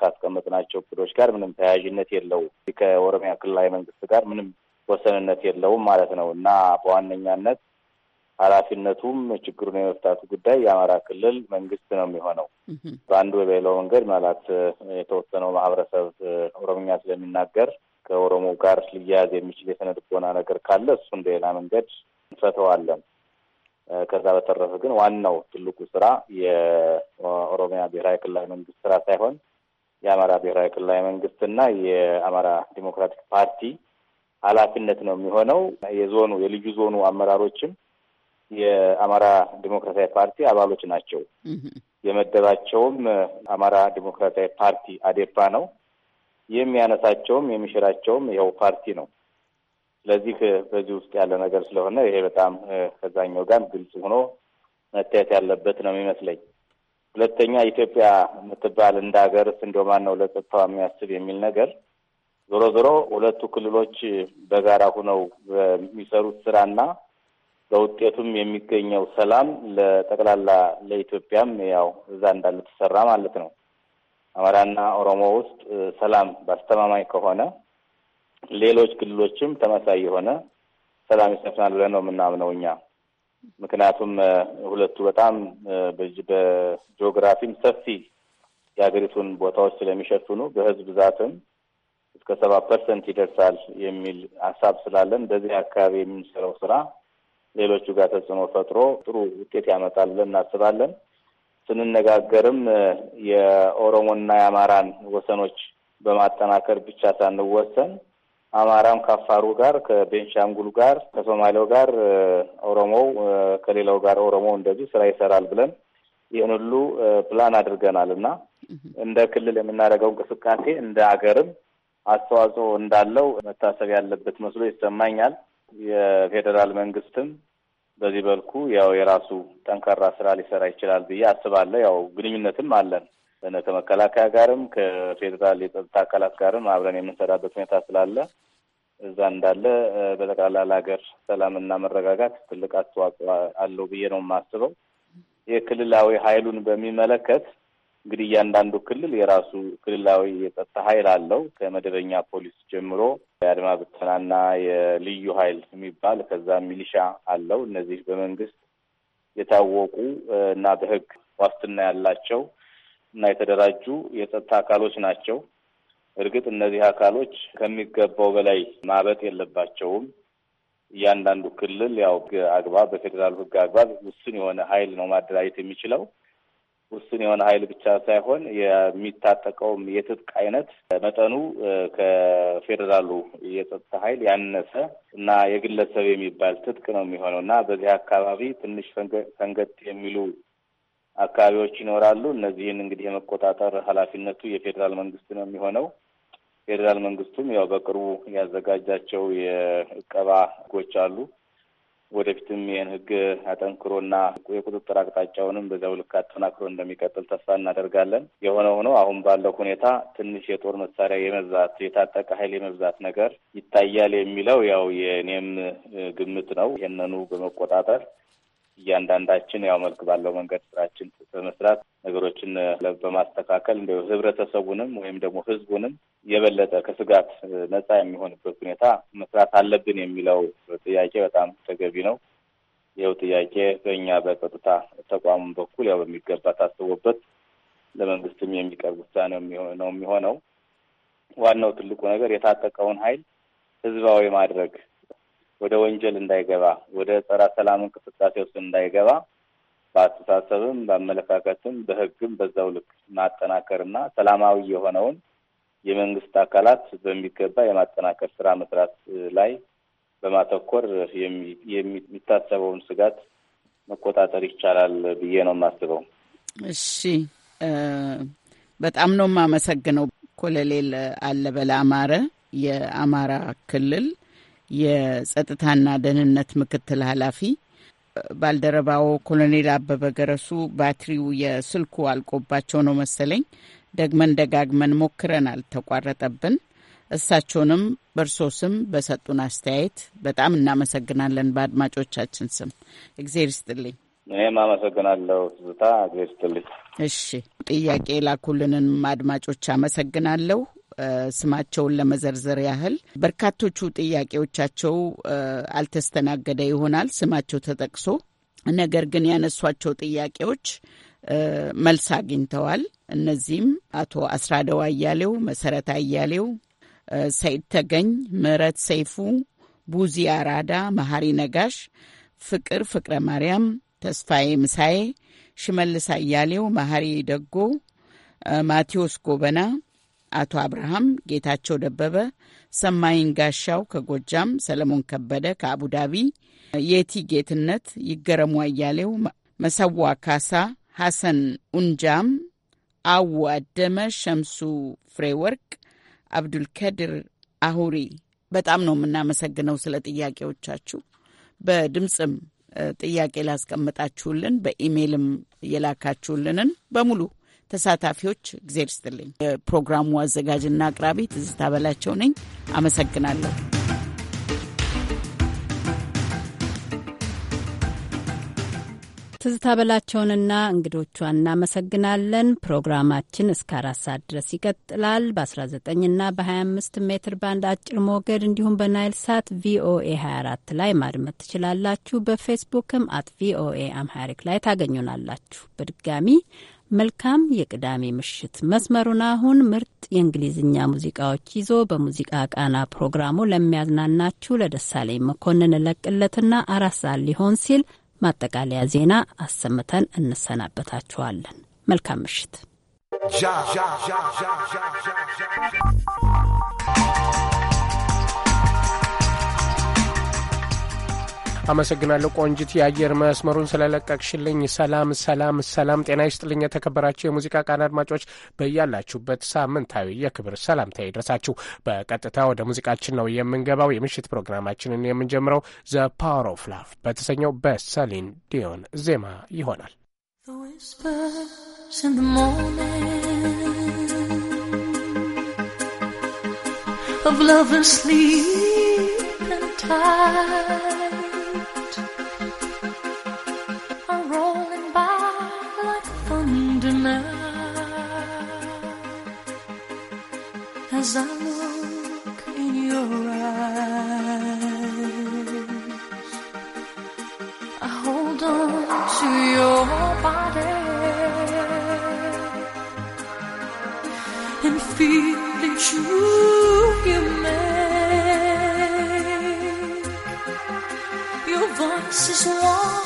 ካስቀመጥናቸው እቅዶች ጋር ምንም ተያያዥነት የለውም። ከኦሮሚያ ክልላዊ መንግስት ጋር ምንም ወሰንነት የለውም ማለት ነው እና በዋነኛነት ኃላፊነቱም ችግሩን የመፍታቱ ጉዳይ የአማራ ክልል መንግስት ነው የሚሆነው። በአንዱ በሌላው መንገድ ማለት የተወሰነው ማህበረሰብ ኦሮምኛ ስለሚናገር ከኦሮሞ ጋር ሊያያዝ የሚችል የስነ ነገር ካለ እሱን በሌላ መንገድ እንፈተዋለን። ከዛ በተረፈ ግን ዋናው ትልቁ ስራ የኦሮሚያ ብሔራዊ ክልላዊ መንግስት ስራ ሳይሆን የአማራ ብሔራዊ ክልላዊ መንግስትና የአማራ ዲሞክራቲክ ፓርቲ ኃላፊነት ነው የሚሆነው። የዞኑ የልዩ ዞኑ አመራሮችም የአማራ ዲሞክራሲያዊ ፓርቲ አባሎች ናቸው። የመደባቸውም አማራ ዲሞክራሲያዊ ፓርቲ አዴፓ ነው። የሚያነሳቸውም የሚሽራቸውም ይኸው ፓርቲ ነው። ስለዚህ በዚህ ውስጥ ያለ ነገር ስለሆነ ይሄ በጣም ከዛኛው ጋር ግልጽ ሆኖ መታየት ያለበት ነው የሚመስለኝ። ሁለተኛ ኢትዮጵያ የምትባል እንደ ሀገርስ እንደው ማን ነው ለጸጥታው የሚያስብ የሚል ነገር ዞሮ ዞሮ ሁለቱ ክልሎች በጋራ ሁነው በሚሰሩት ስራና በውጤቱም የሚገኘው ሰላም ለጠቅላላ ለኢትዮጵያም ያው እዛ እንዳልተሰራ ማለት ነው። አማራና ኦሮሞ ውስጥ ሰላም በአስተማማኝ ከሆነ ሌሎች ክልሎችም ተመሳይ የሆነ ሰላም ይሰፍናል ብለን ነው የምናምነው እኛ። ምክንያቱም ሁለቱ በጣም በጂኦግራፊም ሰፊ የሀገሪቱን ቦታዎች ስለሚሸፍኑ በህዝብ ብዛትም እስከ ሰባ ፐርሰንት ይደርሳል የሚል ሀሳብ ስላለን በዚህ አካባቢ የምንሰራው ስራ ሌሎቹ ጋር ተጽዕኖ ፈጥሮ ጥሩ ውጤት ያመጣል ብለን እናስባለን። ስንነጋገርም የኦሮሞና የአማራን ወሰኖች በማጠናከር ብቻ ሳንወሰን አማራም ከአፋሩ ጋር፣ ከቤንሻንጉል ጋር፣ ከሶማሌው ጋር ኦሮሞው ከሌላው ጋር ኦሮሞ እንደዚህ ስራ ይሰራል ብለን ይህን ሁሉ ፕላን አድርገናል እና እንደ ክልል የምናደርገው እንቅስቃሴ እንደ አገርም አስተዋጽኦ እንዳለው መታሰብ ያለበት መስሎ ይሰማኛል። የፌዴራል መንግስትም በዚህ በልኩ ያው የራሱ ጠንካራ ስራ ሊሰራ ይችላል ብዬ አስባለሁ። ያው ግንኙነትም አለን ከመከላከያ ጋርም ከፌዴራል የጸጥታ አካላት ጋርም አብረን የምንሰራበት ሁኔታ ስላለ እዛ እንዳለ በጠቅላላ ለሀገር ሰላምና መረጋጋት ትልቅ አስተዋጽኦ አለው ብዬ ነው የማስበው። የክልላዊ ኃይሉን በሚመለከት እንግዲህ እያንዳንዱ ክልል የራሱ ክልላዊ የጸጥታ ኃይል አለው። ከመደበኛ ፖሊስ ጀምሮ የአድማ ብተናና የልዩ ኃይል የሚባል ከዛ ሚሊሻ አለው። እነዚህ በመንግስት የታወቁ እና በህግ ዋስትና ያላቸው እና የተደራጁ የጸጥታ አካሎች ናቸው። እርግጥ እነዚህ አካሎች ከሚገባው በላይ ማበጥ የለባቸውም። እያንዳንዱ ክልል ያው አግባብ በፌዴራሉ ህግ አግባብ ውስን የሆነ ኃይል ነው ማደራጀት የሚችለው። ውሱን የሆነ ኃይል ብቻ ሳይሆን የሚታጠቀውም የትጥቅ አይነት መጠኑ ከፌዴራሉ የጸጥታ ኃይል ያነሰ እና የግለሰብ የሚባል ትጥቅ ነው የሚሆነው እና በዚህ አካባቢ ትንሽ ፈንገት የሚሉ አካባቢዎች ይኖራሉ። እነዚህን እንግዲህ የመቆጣጠር ኃላፊነቱ የፌዴራል መንግስት ነው የሚሆነው። ፌዴራል መንግስቱም ያው በቅርቡ ያዘጋጃቸው የእቀባ ህጎች አሉ። ወደፊትም ይህን ህግ አጠንክሮና የቁጥጥር አቅጣጫውንም በዚያው ልክ አጠናክሮ እንደሚቀጥል ተስፋ እናደርጋለን። የሆነ ሆኖ አሁን ባለው ሁኔታ ትንሽ የጦር መሳሪያ የመብዛት የታጠቀ ኃይል የመብዛት ነገር ይታያል የሚለው ያው የእኔም ግምት ነው። ይህንኑ በመቆጣጠር እያንዳንዳችን ያው መልክ ባለው መንገድ ስራችን በመስራት ነገሮችን በማስተካከል እንደ ህብረተሰቡንም ወይም ደግሞ ህዝቡንም የበለጠ ከስጋት ነጻ የሚሆንበት ሁኔታ መስራት አለብን የሚለው ጥያቄ በጣም ተገቢ ነው። ይኸው ጥያቄ በእኛ በጸጥታ ተቋሙ በኩል ያው በሚገባ ታስቦበት ለመንግስትም የሚቀርብ ውሳኔ ነው የሚሆነው። ዋናው ትልቁ ነገር የታጠቀውን ኃይል ህዝባዊ ማድረግ ወደ ወንጀል እንዳይገባ፣ ወደ ጸረ ሰላም እንቅስቃሴ ውስጥ እንዳይገባ በአስተሳሰብም በአመለካከትም በሕግም በዛው ልክ ማጠናከርና ሰላማዊ የሆነውን የመንግስት አካላት በሚገባ የማጠናከር ስራ መስራት ላይ በማተኮር የሚታሰበውን ስጋት መቆጣጠር ይቻላል ብዬ ነው የማስበው። እሺ፣ በጣም ነው የማመሰግነው ኮሎኔል አለበል አማረ የአማራ ክልል የጸጥታና ደህንነት ምክትል ኃላፊ ባልደረባው ኮሎኔል አበበ ገረሱ ባትሪው የስልኩ አልቆባቸው ነው መሰለኝ። ደግመን ደጋግመን ሞክረናል፣ ተቋረጠብን። እሳቸውንም በእርሶ ስም በሰጡን አስተያየት በጣም እናመሰግናለን። በአድማጮቻችን ስም እግዜር ይስጥልኝ። እኔም አመሰግናለሁ ትዝታ፣ እግዜር ይስጥልኝ። እሺ ጥያቄ ላኩልንም አድማጮች አመሰግናለሁ። ስማቸውን ለመዘርዘር ያህል በርካቶቹ ጥያቄዎቻቸው አልተስተናገደ ይሆናል ስማቸው ተጠቅሶ። ነገር ግን ያነሷቸው ጥያቄዎች መልስ አግኝተዋል። እነዚህም አቶ አስራደው አያሌው፣ መሰረት አያሌው፣ ሰይድ ተገኝ፣ ምህረት ሰይፉ፣ ቡዚ አራዳ፣ መሐሪ ነጋሽ፣ ፍቅር ፍቅረ ማርያም፣ ተስፋዬ ምሳዬ፣ ሽመልስ አያሌው፣ መሐሪ ደጎ፣ ማቴዎስ ጎበና አቶ አብርሃም ጌታቸው ደበበ፣ ሰማይን ጋሻው ከጎጃም፣ ሰለሞን ከበደ ከአቡዳቢ፣ የቲ ጌትነት፣ ይገረሙ አያሌው፣ መሰዋ ካሳ፣ ሐሰን ኡንጃም፣ አው አደመ፣ ሸምሱ ፍሬወርቅ አብዱልከድር አሁሪ። በጣም ነው የምናመሰግነው ስለ ጥያቄዎቻችሁ። በድምፅም ጥያቄ ላስቀምጣችሁልን፣ በኢሜይልም የላካችሁልንን በሙሉ ተሳታፊዎች እግዜር ይስጥልኝ። የፕሮግራሙ አዘጋጅና አቅራቢ ትዝታ በላቸው ነኝ። አመሰግናለሁ። ትዝታ በላቸውንና እንግዶቿን እናመሰግናለን። ፕሮግራማችን እስከ አራት ሰዓት ድረስ ይቀጥላል። በ19 እና በ25 ሜትር ባንድ አጭር ሞገድ እንዲሁም በናይል ሳት ቪኦኤ 24 ላይ ማድመጥ ትችላላችሁ። በፌስቡክም አት ቪኦኤ አምሐሪክ ላይ ታገኙናላችሁ። በድጋሚ መልካም የቅዳሜ ምሽት። መስመሩን አሁን ምርጥ የእንግሊዝኛ ሙዚቃዎች ይዞ በሙዚቃ ቃና ፕሮግራሙ ለሚያዝናናችሁ ለደሳለኝ መኮንን ለቅለትና አራት ሰዓት ሊሆን ሲል ማጠቃለያ ዜና አሰምተን እንሰናበታችኋለን። መልካም ምሽት። አመሰግናለሁ ቆንጅት፣ የአየር መስመሩን ስለለቀቅሽልኝ። ሰላም ሰላም ሰላም፣ ጤና ይስጥልኝ። የተከበራችሁ የሙዚቃ ቃን አድማጮች በያላችሁበት ሳምንታዊ የክብር ሰላምታ ይድረሳችሁ። በቀጥታ ወደ ሙዚቃችን ነው የምንገባው። የምሽት ፕሮግራማችንን የምንጀምረው ዘ ፓወር ኦፍ ላቭ በተሰኘው በሰሊን ዲዮን ዜማ ይሆናል። of love asleep and tired As I look in your eyes, I hold on to your body and feel the truth you make. Your voice is warm.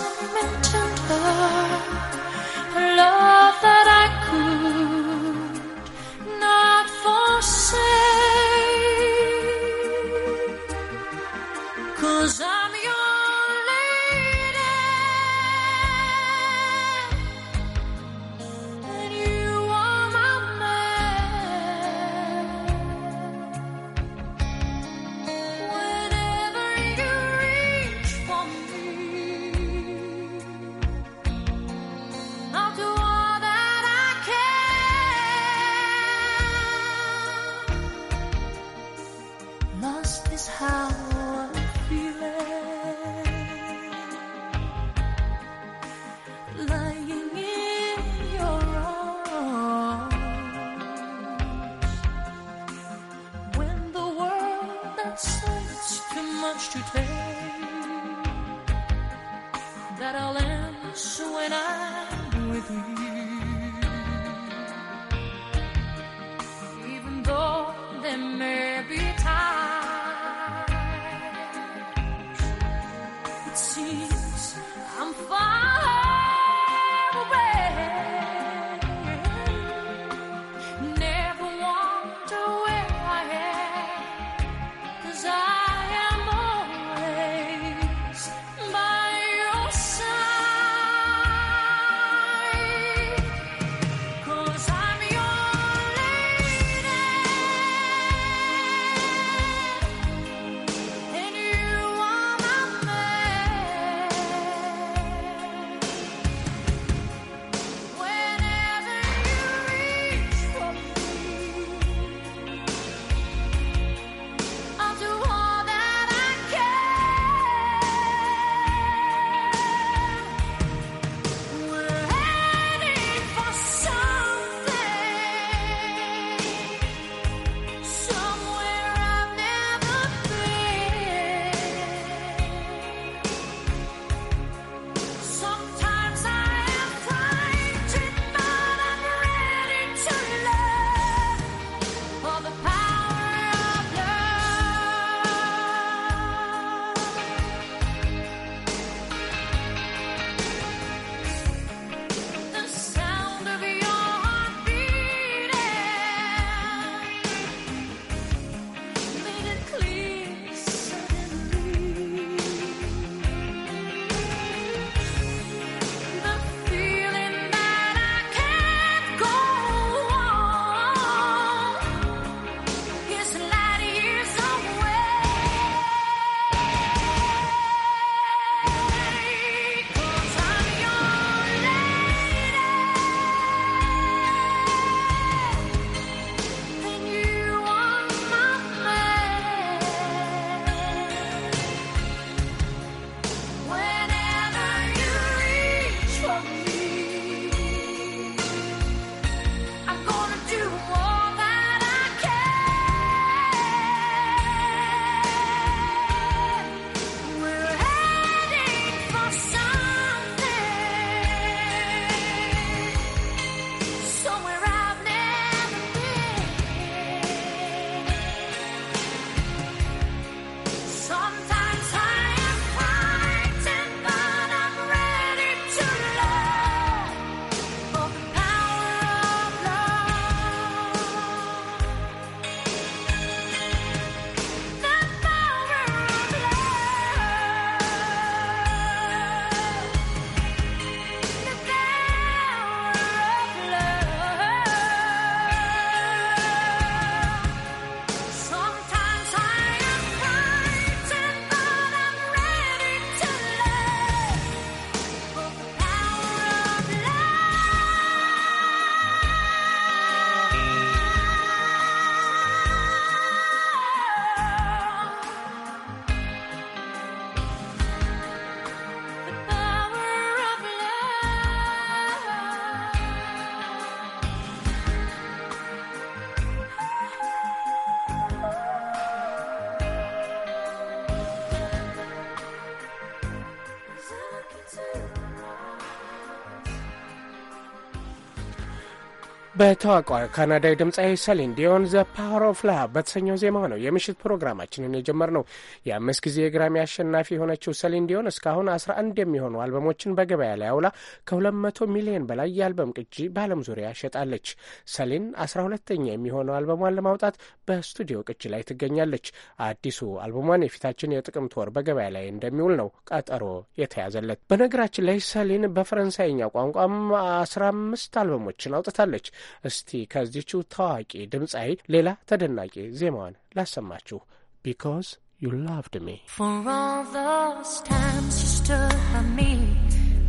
በታዋቋ ካናዳዊ ድምፃዊ ሰሊን ዲዮን ዘ ፓወር ኦፍ ላ በተሰኘው ዜማ ነው የምሽት ፕሮግራማችንን የጀመርነው። የአምስት ጊዜ የግራሚ አሸናፊ የሆነችው ሰሊን ዲዮን እስካሁን አስራ አንድ የሚሆኑ አልበሞችን በገበያ ላይ አውላ ከሁለት መቶ ሚሊዮን በላይ የአልበም ቅጂ በዓለም ዙሪያ ሸጣለች። ሰሊን አስራ ሁለተኛ የሚሆነው አልበሟን ለማውጣት በስቱዲዮ ቅጂ ላይ ትገኛለች። አዲሱ አልበሟን የፊታችን የጥቅምት ወር በገበያ ላይ እንደሚውል ነው ቀጠሮ የተያዘለት። በነገራችን ላይ ሰሊን በፈረንሳይኛ ቋንቋም አስራ አምስት አልበሞችን አውጥታለች። እስቲ ከዚችው ታዋቂ ድምፃዊ ሌላ ተደናቂ ዜማዋን ላሰማችሁ። ቢኮዝ you loved me. For all those times you stood by me,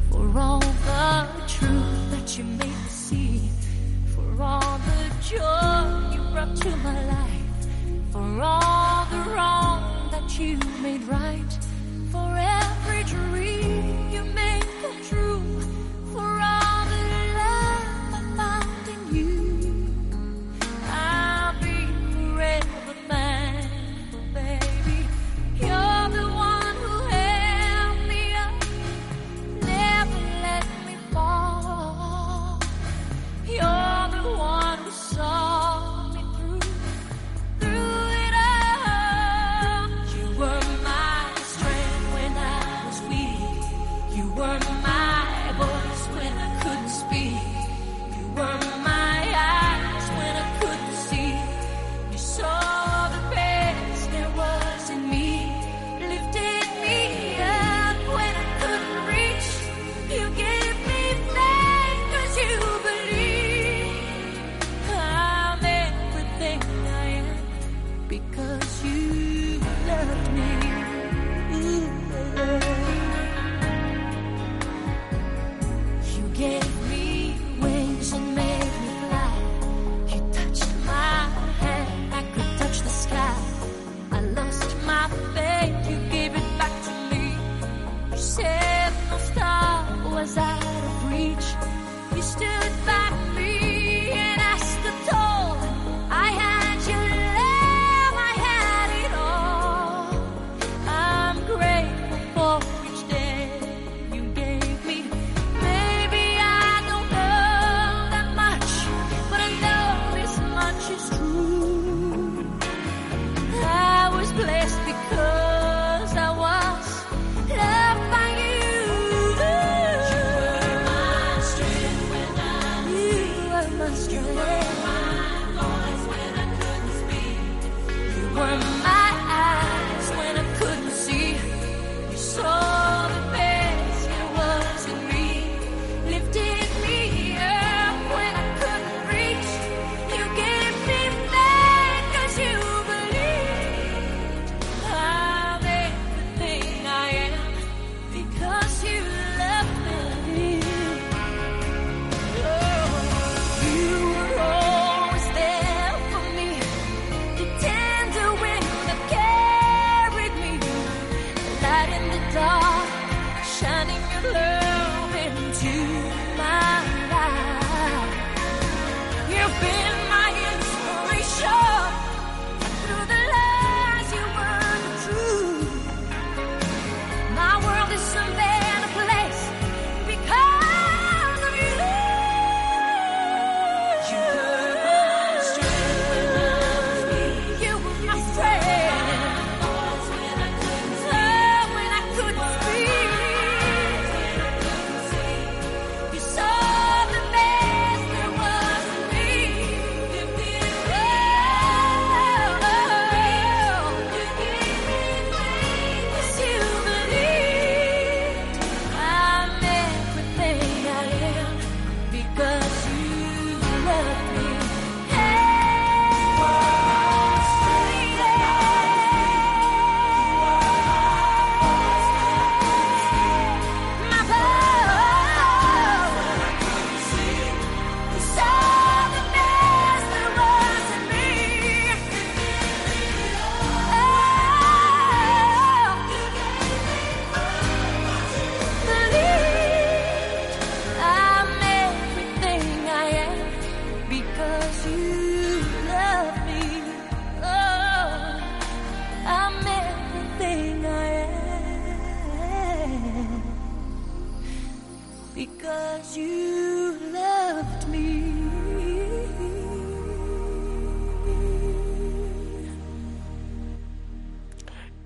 for all the truth that you made me see, for all the joy you brought to my life, for all the wrong that you made right, for every dream.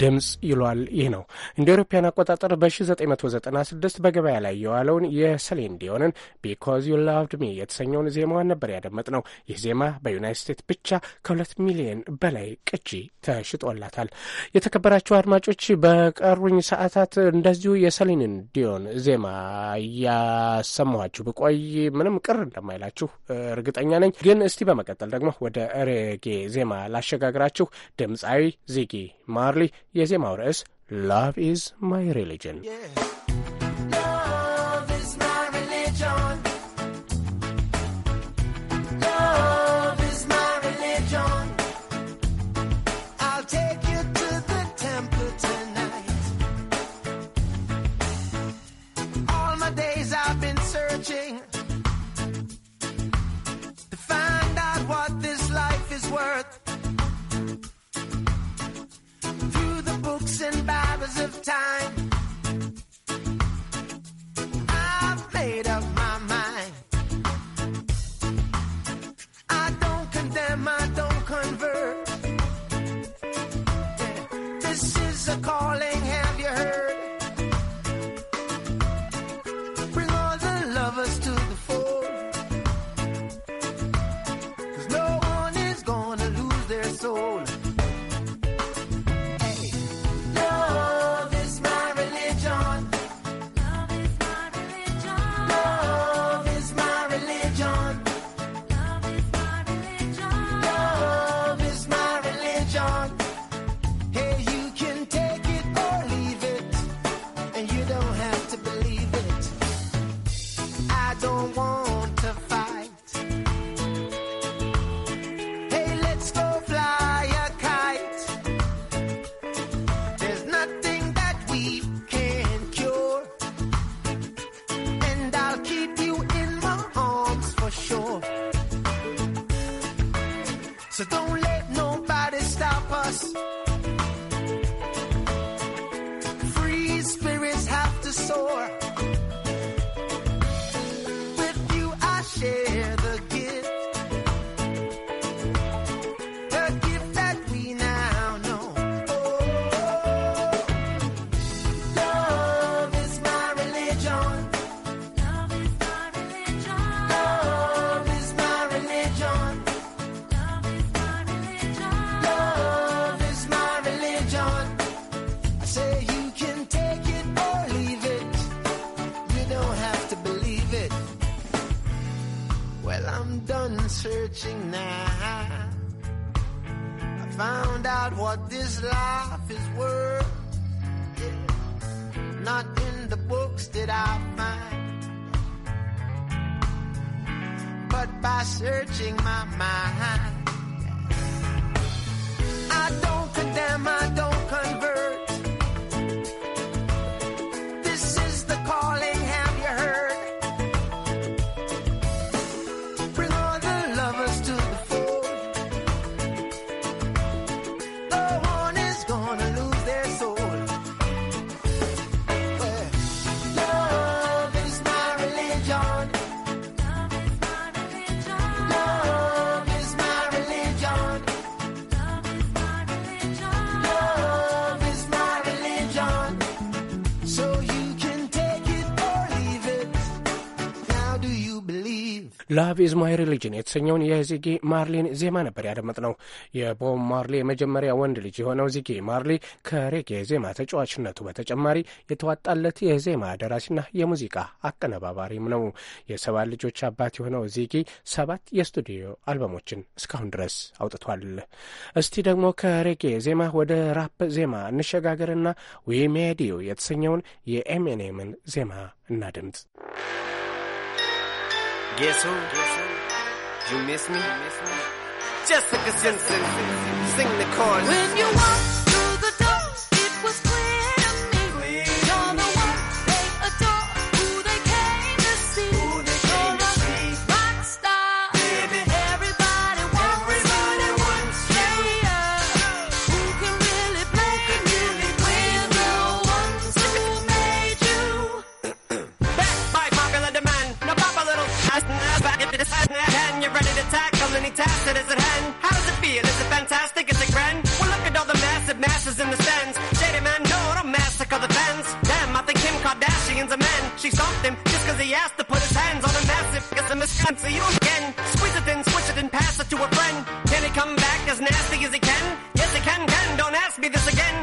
ድምፅ ይሏል። ይህ ነው እንደ አውሮፓውያን አቆጣጠር በ1996 በገበያ ላይ የዋለውን የሰሌን ዲዮንን ቢኮዝ ዩ ላቭድ ሚ የተሰኘውን ዜማዋን ነበር ያደመጥ ነው። ይህ ዜማ በዩናይት ስቴትስ ብቻ ከሁለት ሚሊዮን በላይ ቅጂ ተሽጦላታል። የተከበራቸው አድማጮች በቀሩኝ ሰዓታት እንደዚሁ የሰሌንን ዲዮን ዜማ እያሰማኋችሁ ብቆይ ምንም ቅር እንደማይላችሁ እርግጠኛ ነኝ። ግን እስቲ በመቀጠል ደግሞ ወደ ሬጌ ዜማ ላሸጋግራችሁ። ድምፃዊ ዚጊ ማርሊ የዜማው ርዕስ ላቭ ኢዝ ማይ ሪሊጅን time. ላቭ ኢዝ ማይ ሪሊጅን የተሰኘውን የዚጊ ማርሊን ዜማ ነበር ያደመጥነው። የቦብ ማርሊ የመጀመሪያ ወንድ ልጅ የሆነው ዚጊ ማርሊ ከሬጌ የዜማ ተጫዋችነቱ በተጨማሪ የተዋጣለት የዜማ ደራሲና የሙዚቃ አቀነባባሪም ነው። የሰባት ልጆች አባት የሆነው ዚጊ ሰባት የስቱዲዮ አልበሞችን እስካሁን ድረስ አውጥቷል። እስቲ ደግሞ ከሬጌ ዜማ ወደ ራፕ ዜማ እንሸጋገርና ዊሜዲዮ የተሰኘውን የኤምኤንኤምን ዜማ እናድምጥ። Guess who? Guess who? You miss me? You miss me? Jessica Simpson, sing the chorus. When you walk tackle any task that is at hand. How does it feel? Is it fantastic? Is it grand? Well, look at all the massive masses in the stands. Shady man, no, don't massacre the fans. Damn, I think Kim Kardashian's a man. She stopped him just cause he asked to put his hands on a massive. Guess I'm a you again. Squeeze it in, switch it in, pass it to a friend. Can he come back as nasty as he can? Yes, he can, can. Don't ask me this again.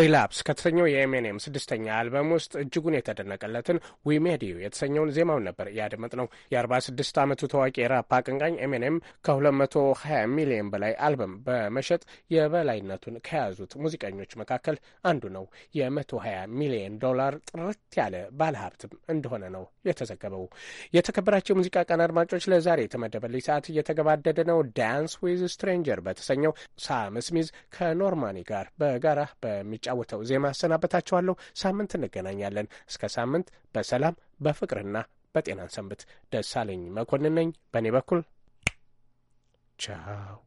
ሪላፕስ ከተሰኘው የኤምኤንኤም ስድስተኛ አልበም ውስጥ እጅጉን የተደነቀለትን ዩ የተሰኘውን ዜማውን ነበር ያደመጥ ነው። የ46 ዓመቱ ታዋቂ የራፕ አቀንቃኝ ኤምኤንኤም ከ220 ሚሊዮን በላይ አልበም በመሸጥ የበላይነቱን ከያዙት ሙዚቀኞች መካከል አንዱ ነው። የ120 ሚሊዮን ዶላር ጥርት ያለ ባለሀብትም እንደሆነ ነው የተዘገበው። የተከበራቸው የሙዚቃ ቀን አድማጮች፣ ለዛሬ የተመደበልኝ ሰዓት እየተገባደደ ነው። ዳንስ ዊዝ ስትሬንጀር በተሰኘው ሳም ስሚዝ ከኖርማኒ ጋር በጋራ በሚጫ በሚጫወተው ዜማ ያሰናበታችኋለሁ። ሳምንት እንገናኛለን። እስከ ሳምንት በሰላም በፍቅርና በጤናን ሰንብት። ደሳለኝ መኮንን ነኝ። በእኔ በኩል ቻው።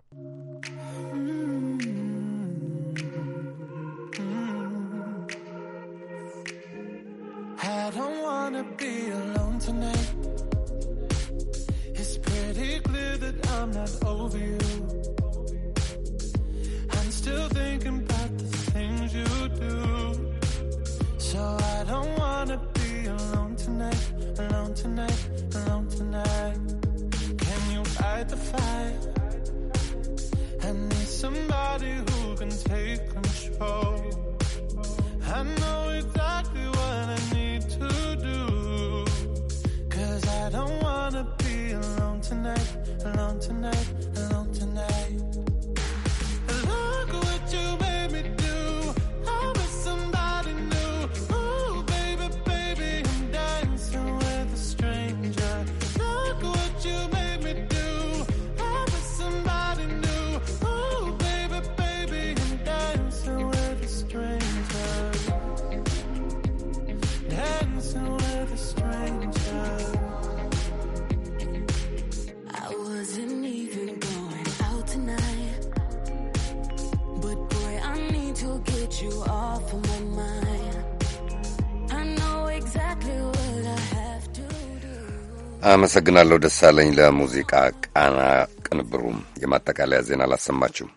አመሰግናለሁ ደሳለኝ ለሙዚቃ ቃና ቅንብሩም። የማጠቃለያ ዜና አላሰማችሁ።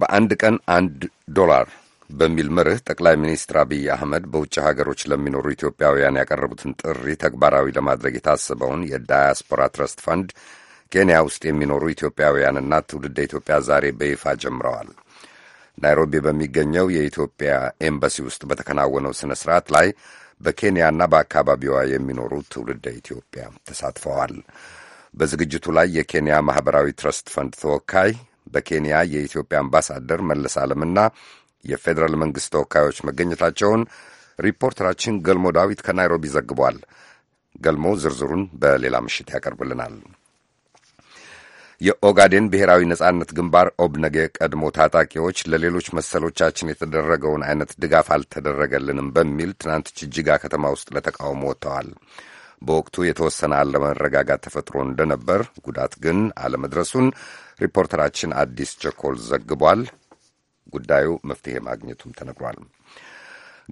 በአንድ ቀን አንድ ዶላር በሚል መርህ ጠቅላይ ሚኒስትር አብይ አህመድ በውጭ ሀገሮች ለሚኖሩ ኢትዮጵያውያን ያቀረቡትን ጥሪ ተግባራዊ ለማድረግ የታሰበውን የዳያስፖራ ትረስት ፈንድ ኬንያ ውስጥ የሚኖሩ ኢትዮጵያውያንና ትውልደ ኢትዮጵያ ዛሬ በይፋ ጀምረዋል። ናይሮቢ በሚገኘው የኢትዮጵያ ኤምባሲ ውስጥ በተከናወነው ስነ-ስርዓት ላይ በኬንያና በአካባቢዋ የሚኖሩ ትውልደ ኢትዮጵያ ተሳትፈዋል። በዝግጅቱ ላይ የኬንያ ማኅበራዊ ትረስት ፈንድ ተወካይ፣ በኬንያ የኢትዮጵያ አምባሳደር መለስ ዓለምና የፌዴራል መንግሥት ተወካዮች መገኘታቸውን ሪፖርተራችን ገልሞ ዳዊት ከናይሮቢ ዘግቧል። ገልሞ ዝርዝሩን በሌላ ምሽት ያቀርብልናል። የኦጋዴን ብሔራዊ ነጻነት ግንባር ኦብነግ የቀድሞ ታጣቂዎች ለሌሎች መሰሎቻችን የተደረገውን አይነት ድጋፍ አልተደረገልንም በሚል ትናንት ጅጅጋ ከተማ ውስጥ ለተቃውሞ ወጥተዋል። በወቅቱ የተወሰነ አለመረጋጋት ተፈጥሮ እንደነበር፣ ጉዳት ግን አለመድረሱን ሪፖርተራችን አዲስ ቸኮል ዘግቧል። ጉዳዩ መፍትሄ ማግኘቱም ተነግሯል።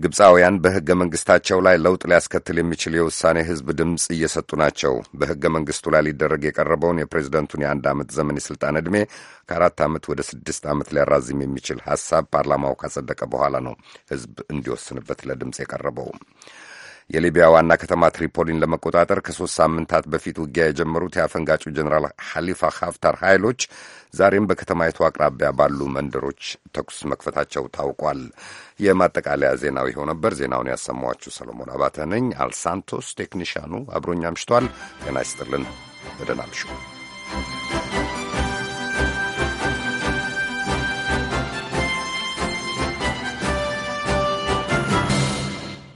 ግብፃውያን በሕገ መንግሥታቸው ላይ ለውጥ ሊያስከትል የሚችል የውሳኔ ሕዝብ ድምፅ እየሰጡ ናቸው። በሕገ መንግሥቱ ላይ ሊደረግ የቀረበውን የፕሬዚደንቱን የአንድ ዓመት ዘመን የሥልጣን ዕድሜ ከአራት ዓመት ወደ ስድስት ዓመት ሊያራዝም የሚችል ሐሳብ ፓርላማው ካጸደቀ በኋላ ነው ሕዝብ እንዲወስንበት ለድምፅ የቀረበው። የሊቢያ ዋና ከተማ ትሪፖሊን ለመቆጣጠር ከሦስት ሳምንታት በፊት ውጊያ የጀመሩት የአፈንጋጩ ጀኔራል ሐሊፋ ሀፍታር ኃይሎች ዛሬም በከተማይቱ አቅራቢያ ባሉ መንደሮች ተኩስ መክፈታቸው ታውቋል። የማጠቃለያ ዜናው ይኸው ነበር። ዜናውን ያሰማኋችሁ ሰለሞን አባተ ነኝ። አልሳንቶስ ቴክኒሽያኑ አብሮኛ አምሽቷል። ጤና ይስጥልን። በደህና አምሹ።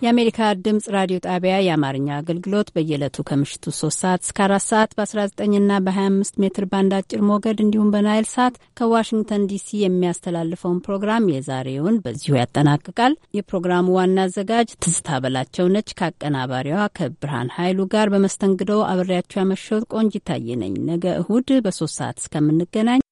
የአሜሪካ ድምጽ ራዲዮ ጣቢያ የአማርኛ አገልግሎት በየዕለቱ ከምሽቱ 3 ሰዓት እስከ 4 ሰዓት በ19ና በ25 ሜትር ባንድ አጭር ሞገድ እንዲሁም በናይል ሳት ከዋሽንግተን ዲሲ የሚያስተላልፈውን ፕሮግራም የዛሬውን በዚሁ ያጠናቅቃል። የፕሮግራሙ ዋና አዘጋጅ ትዝታ በላቸው ነች። ከአቀናባሪዋ ከብርሃን ኃይሉ ጋር በመስተንግዶ አብሬያቸው ያመሸሁት ቆንጂታዬ ነኝ። ነገ እሁድ በሶስት ሰዓት እስከምንገናኝ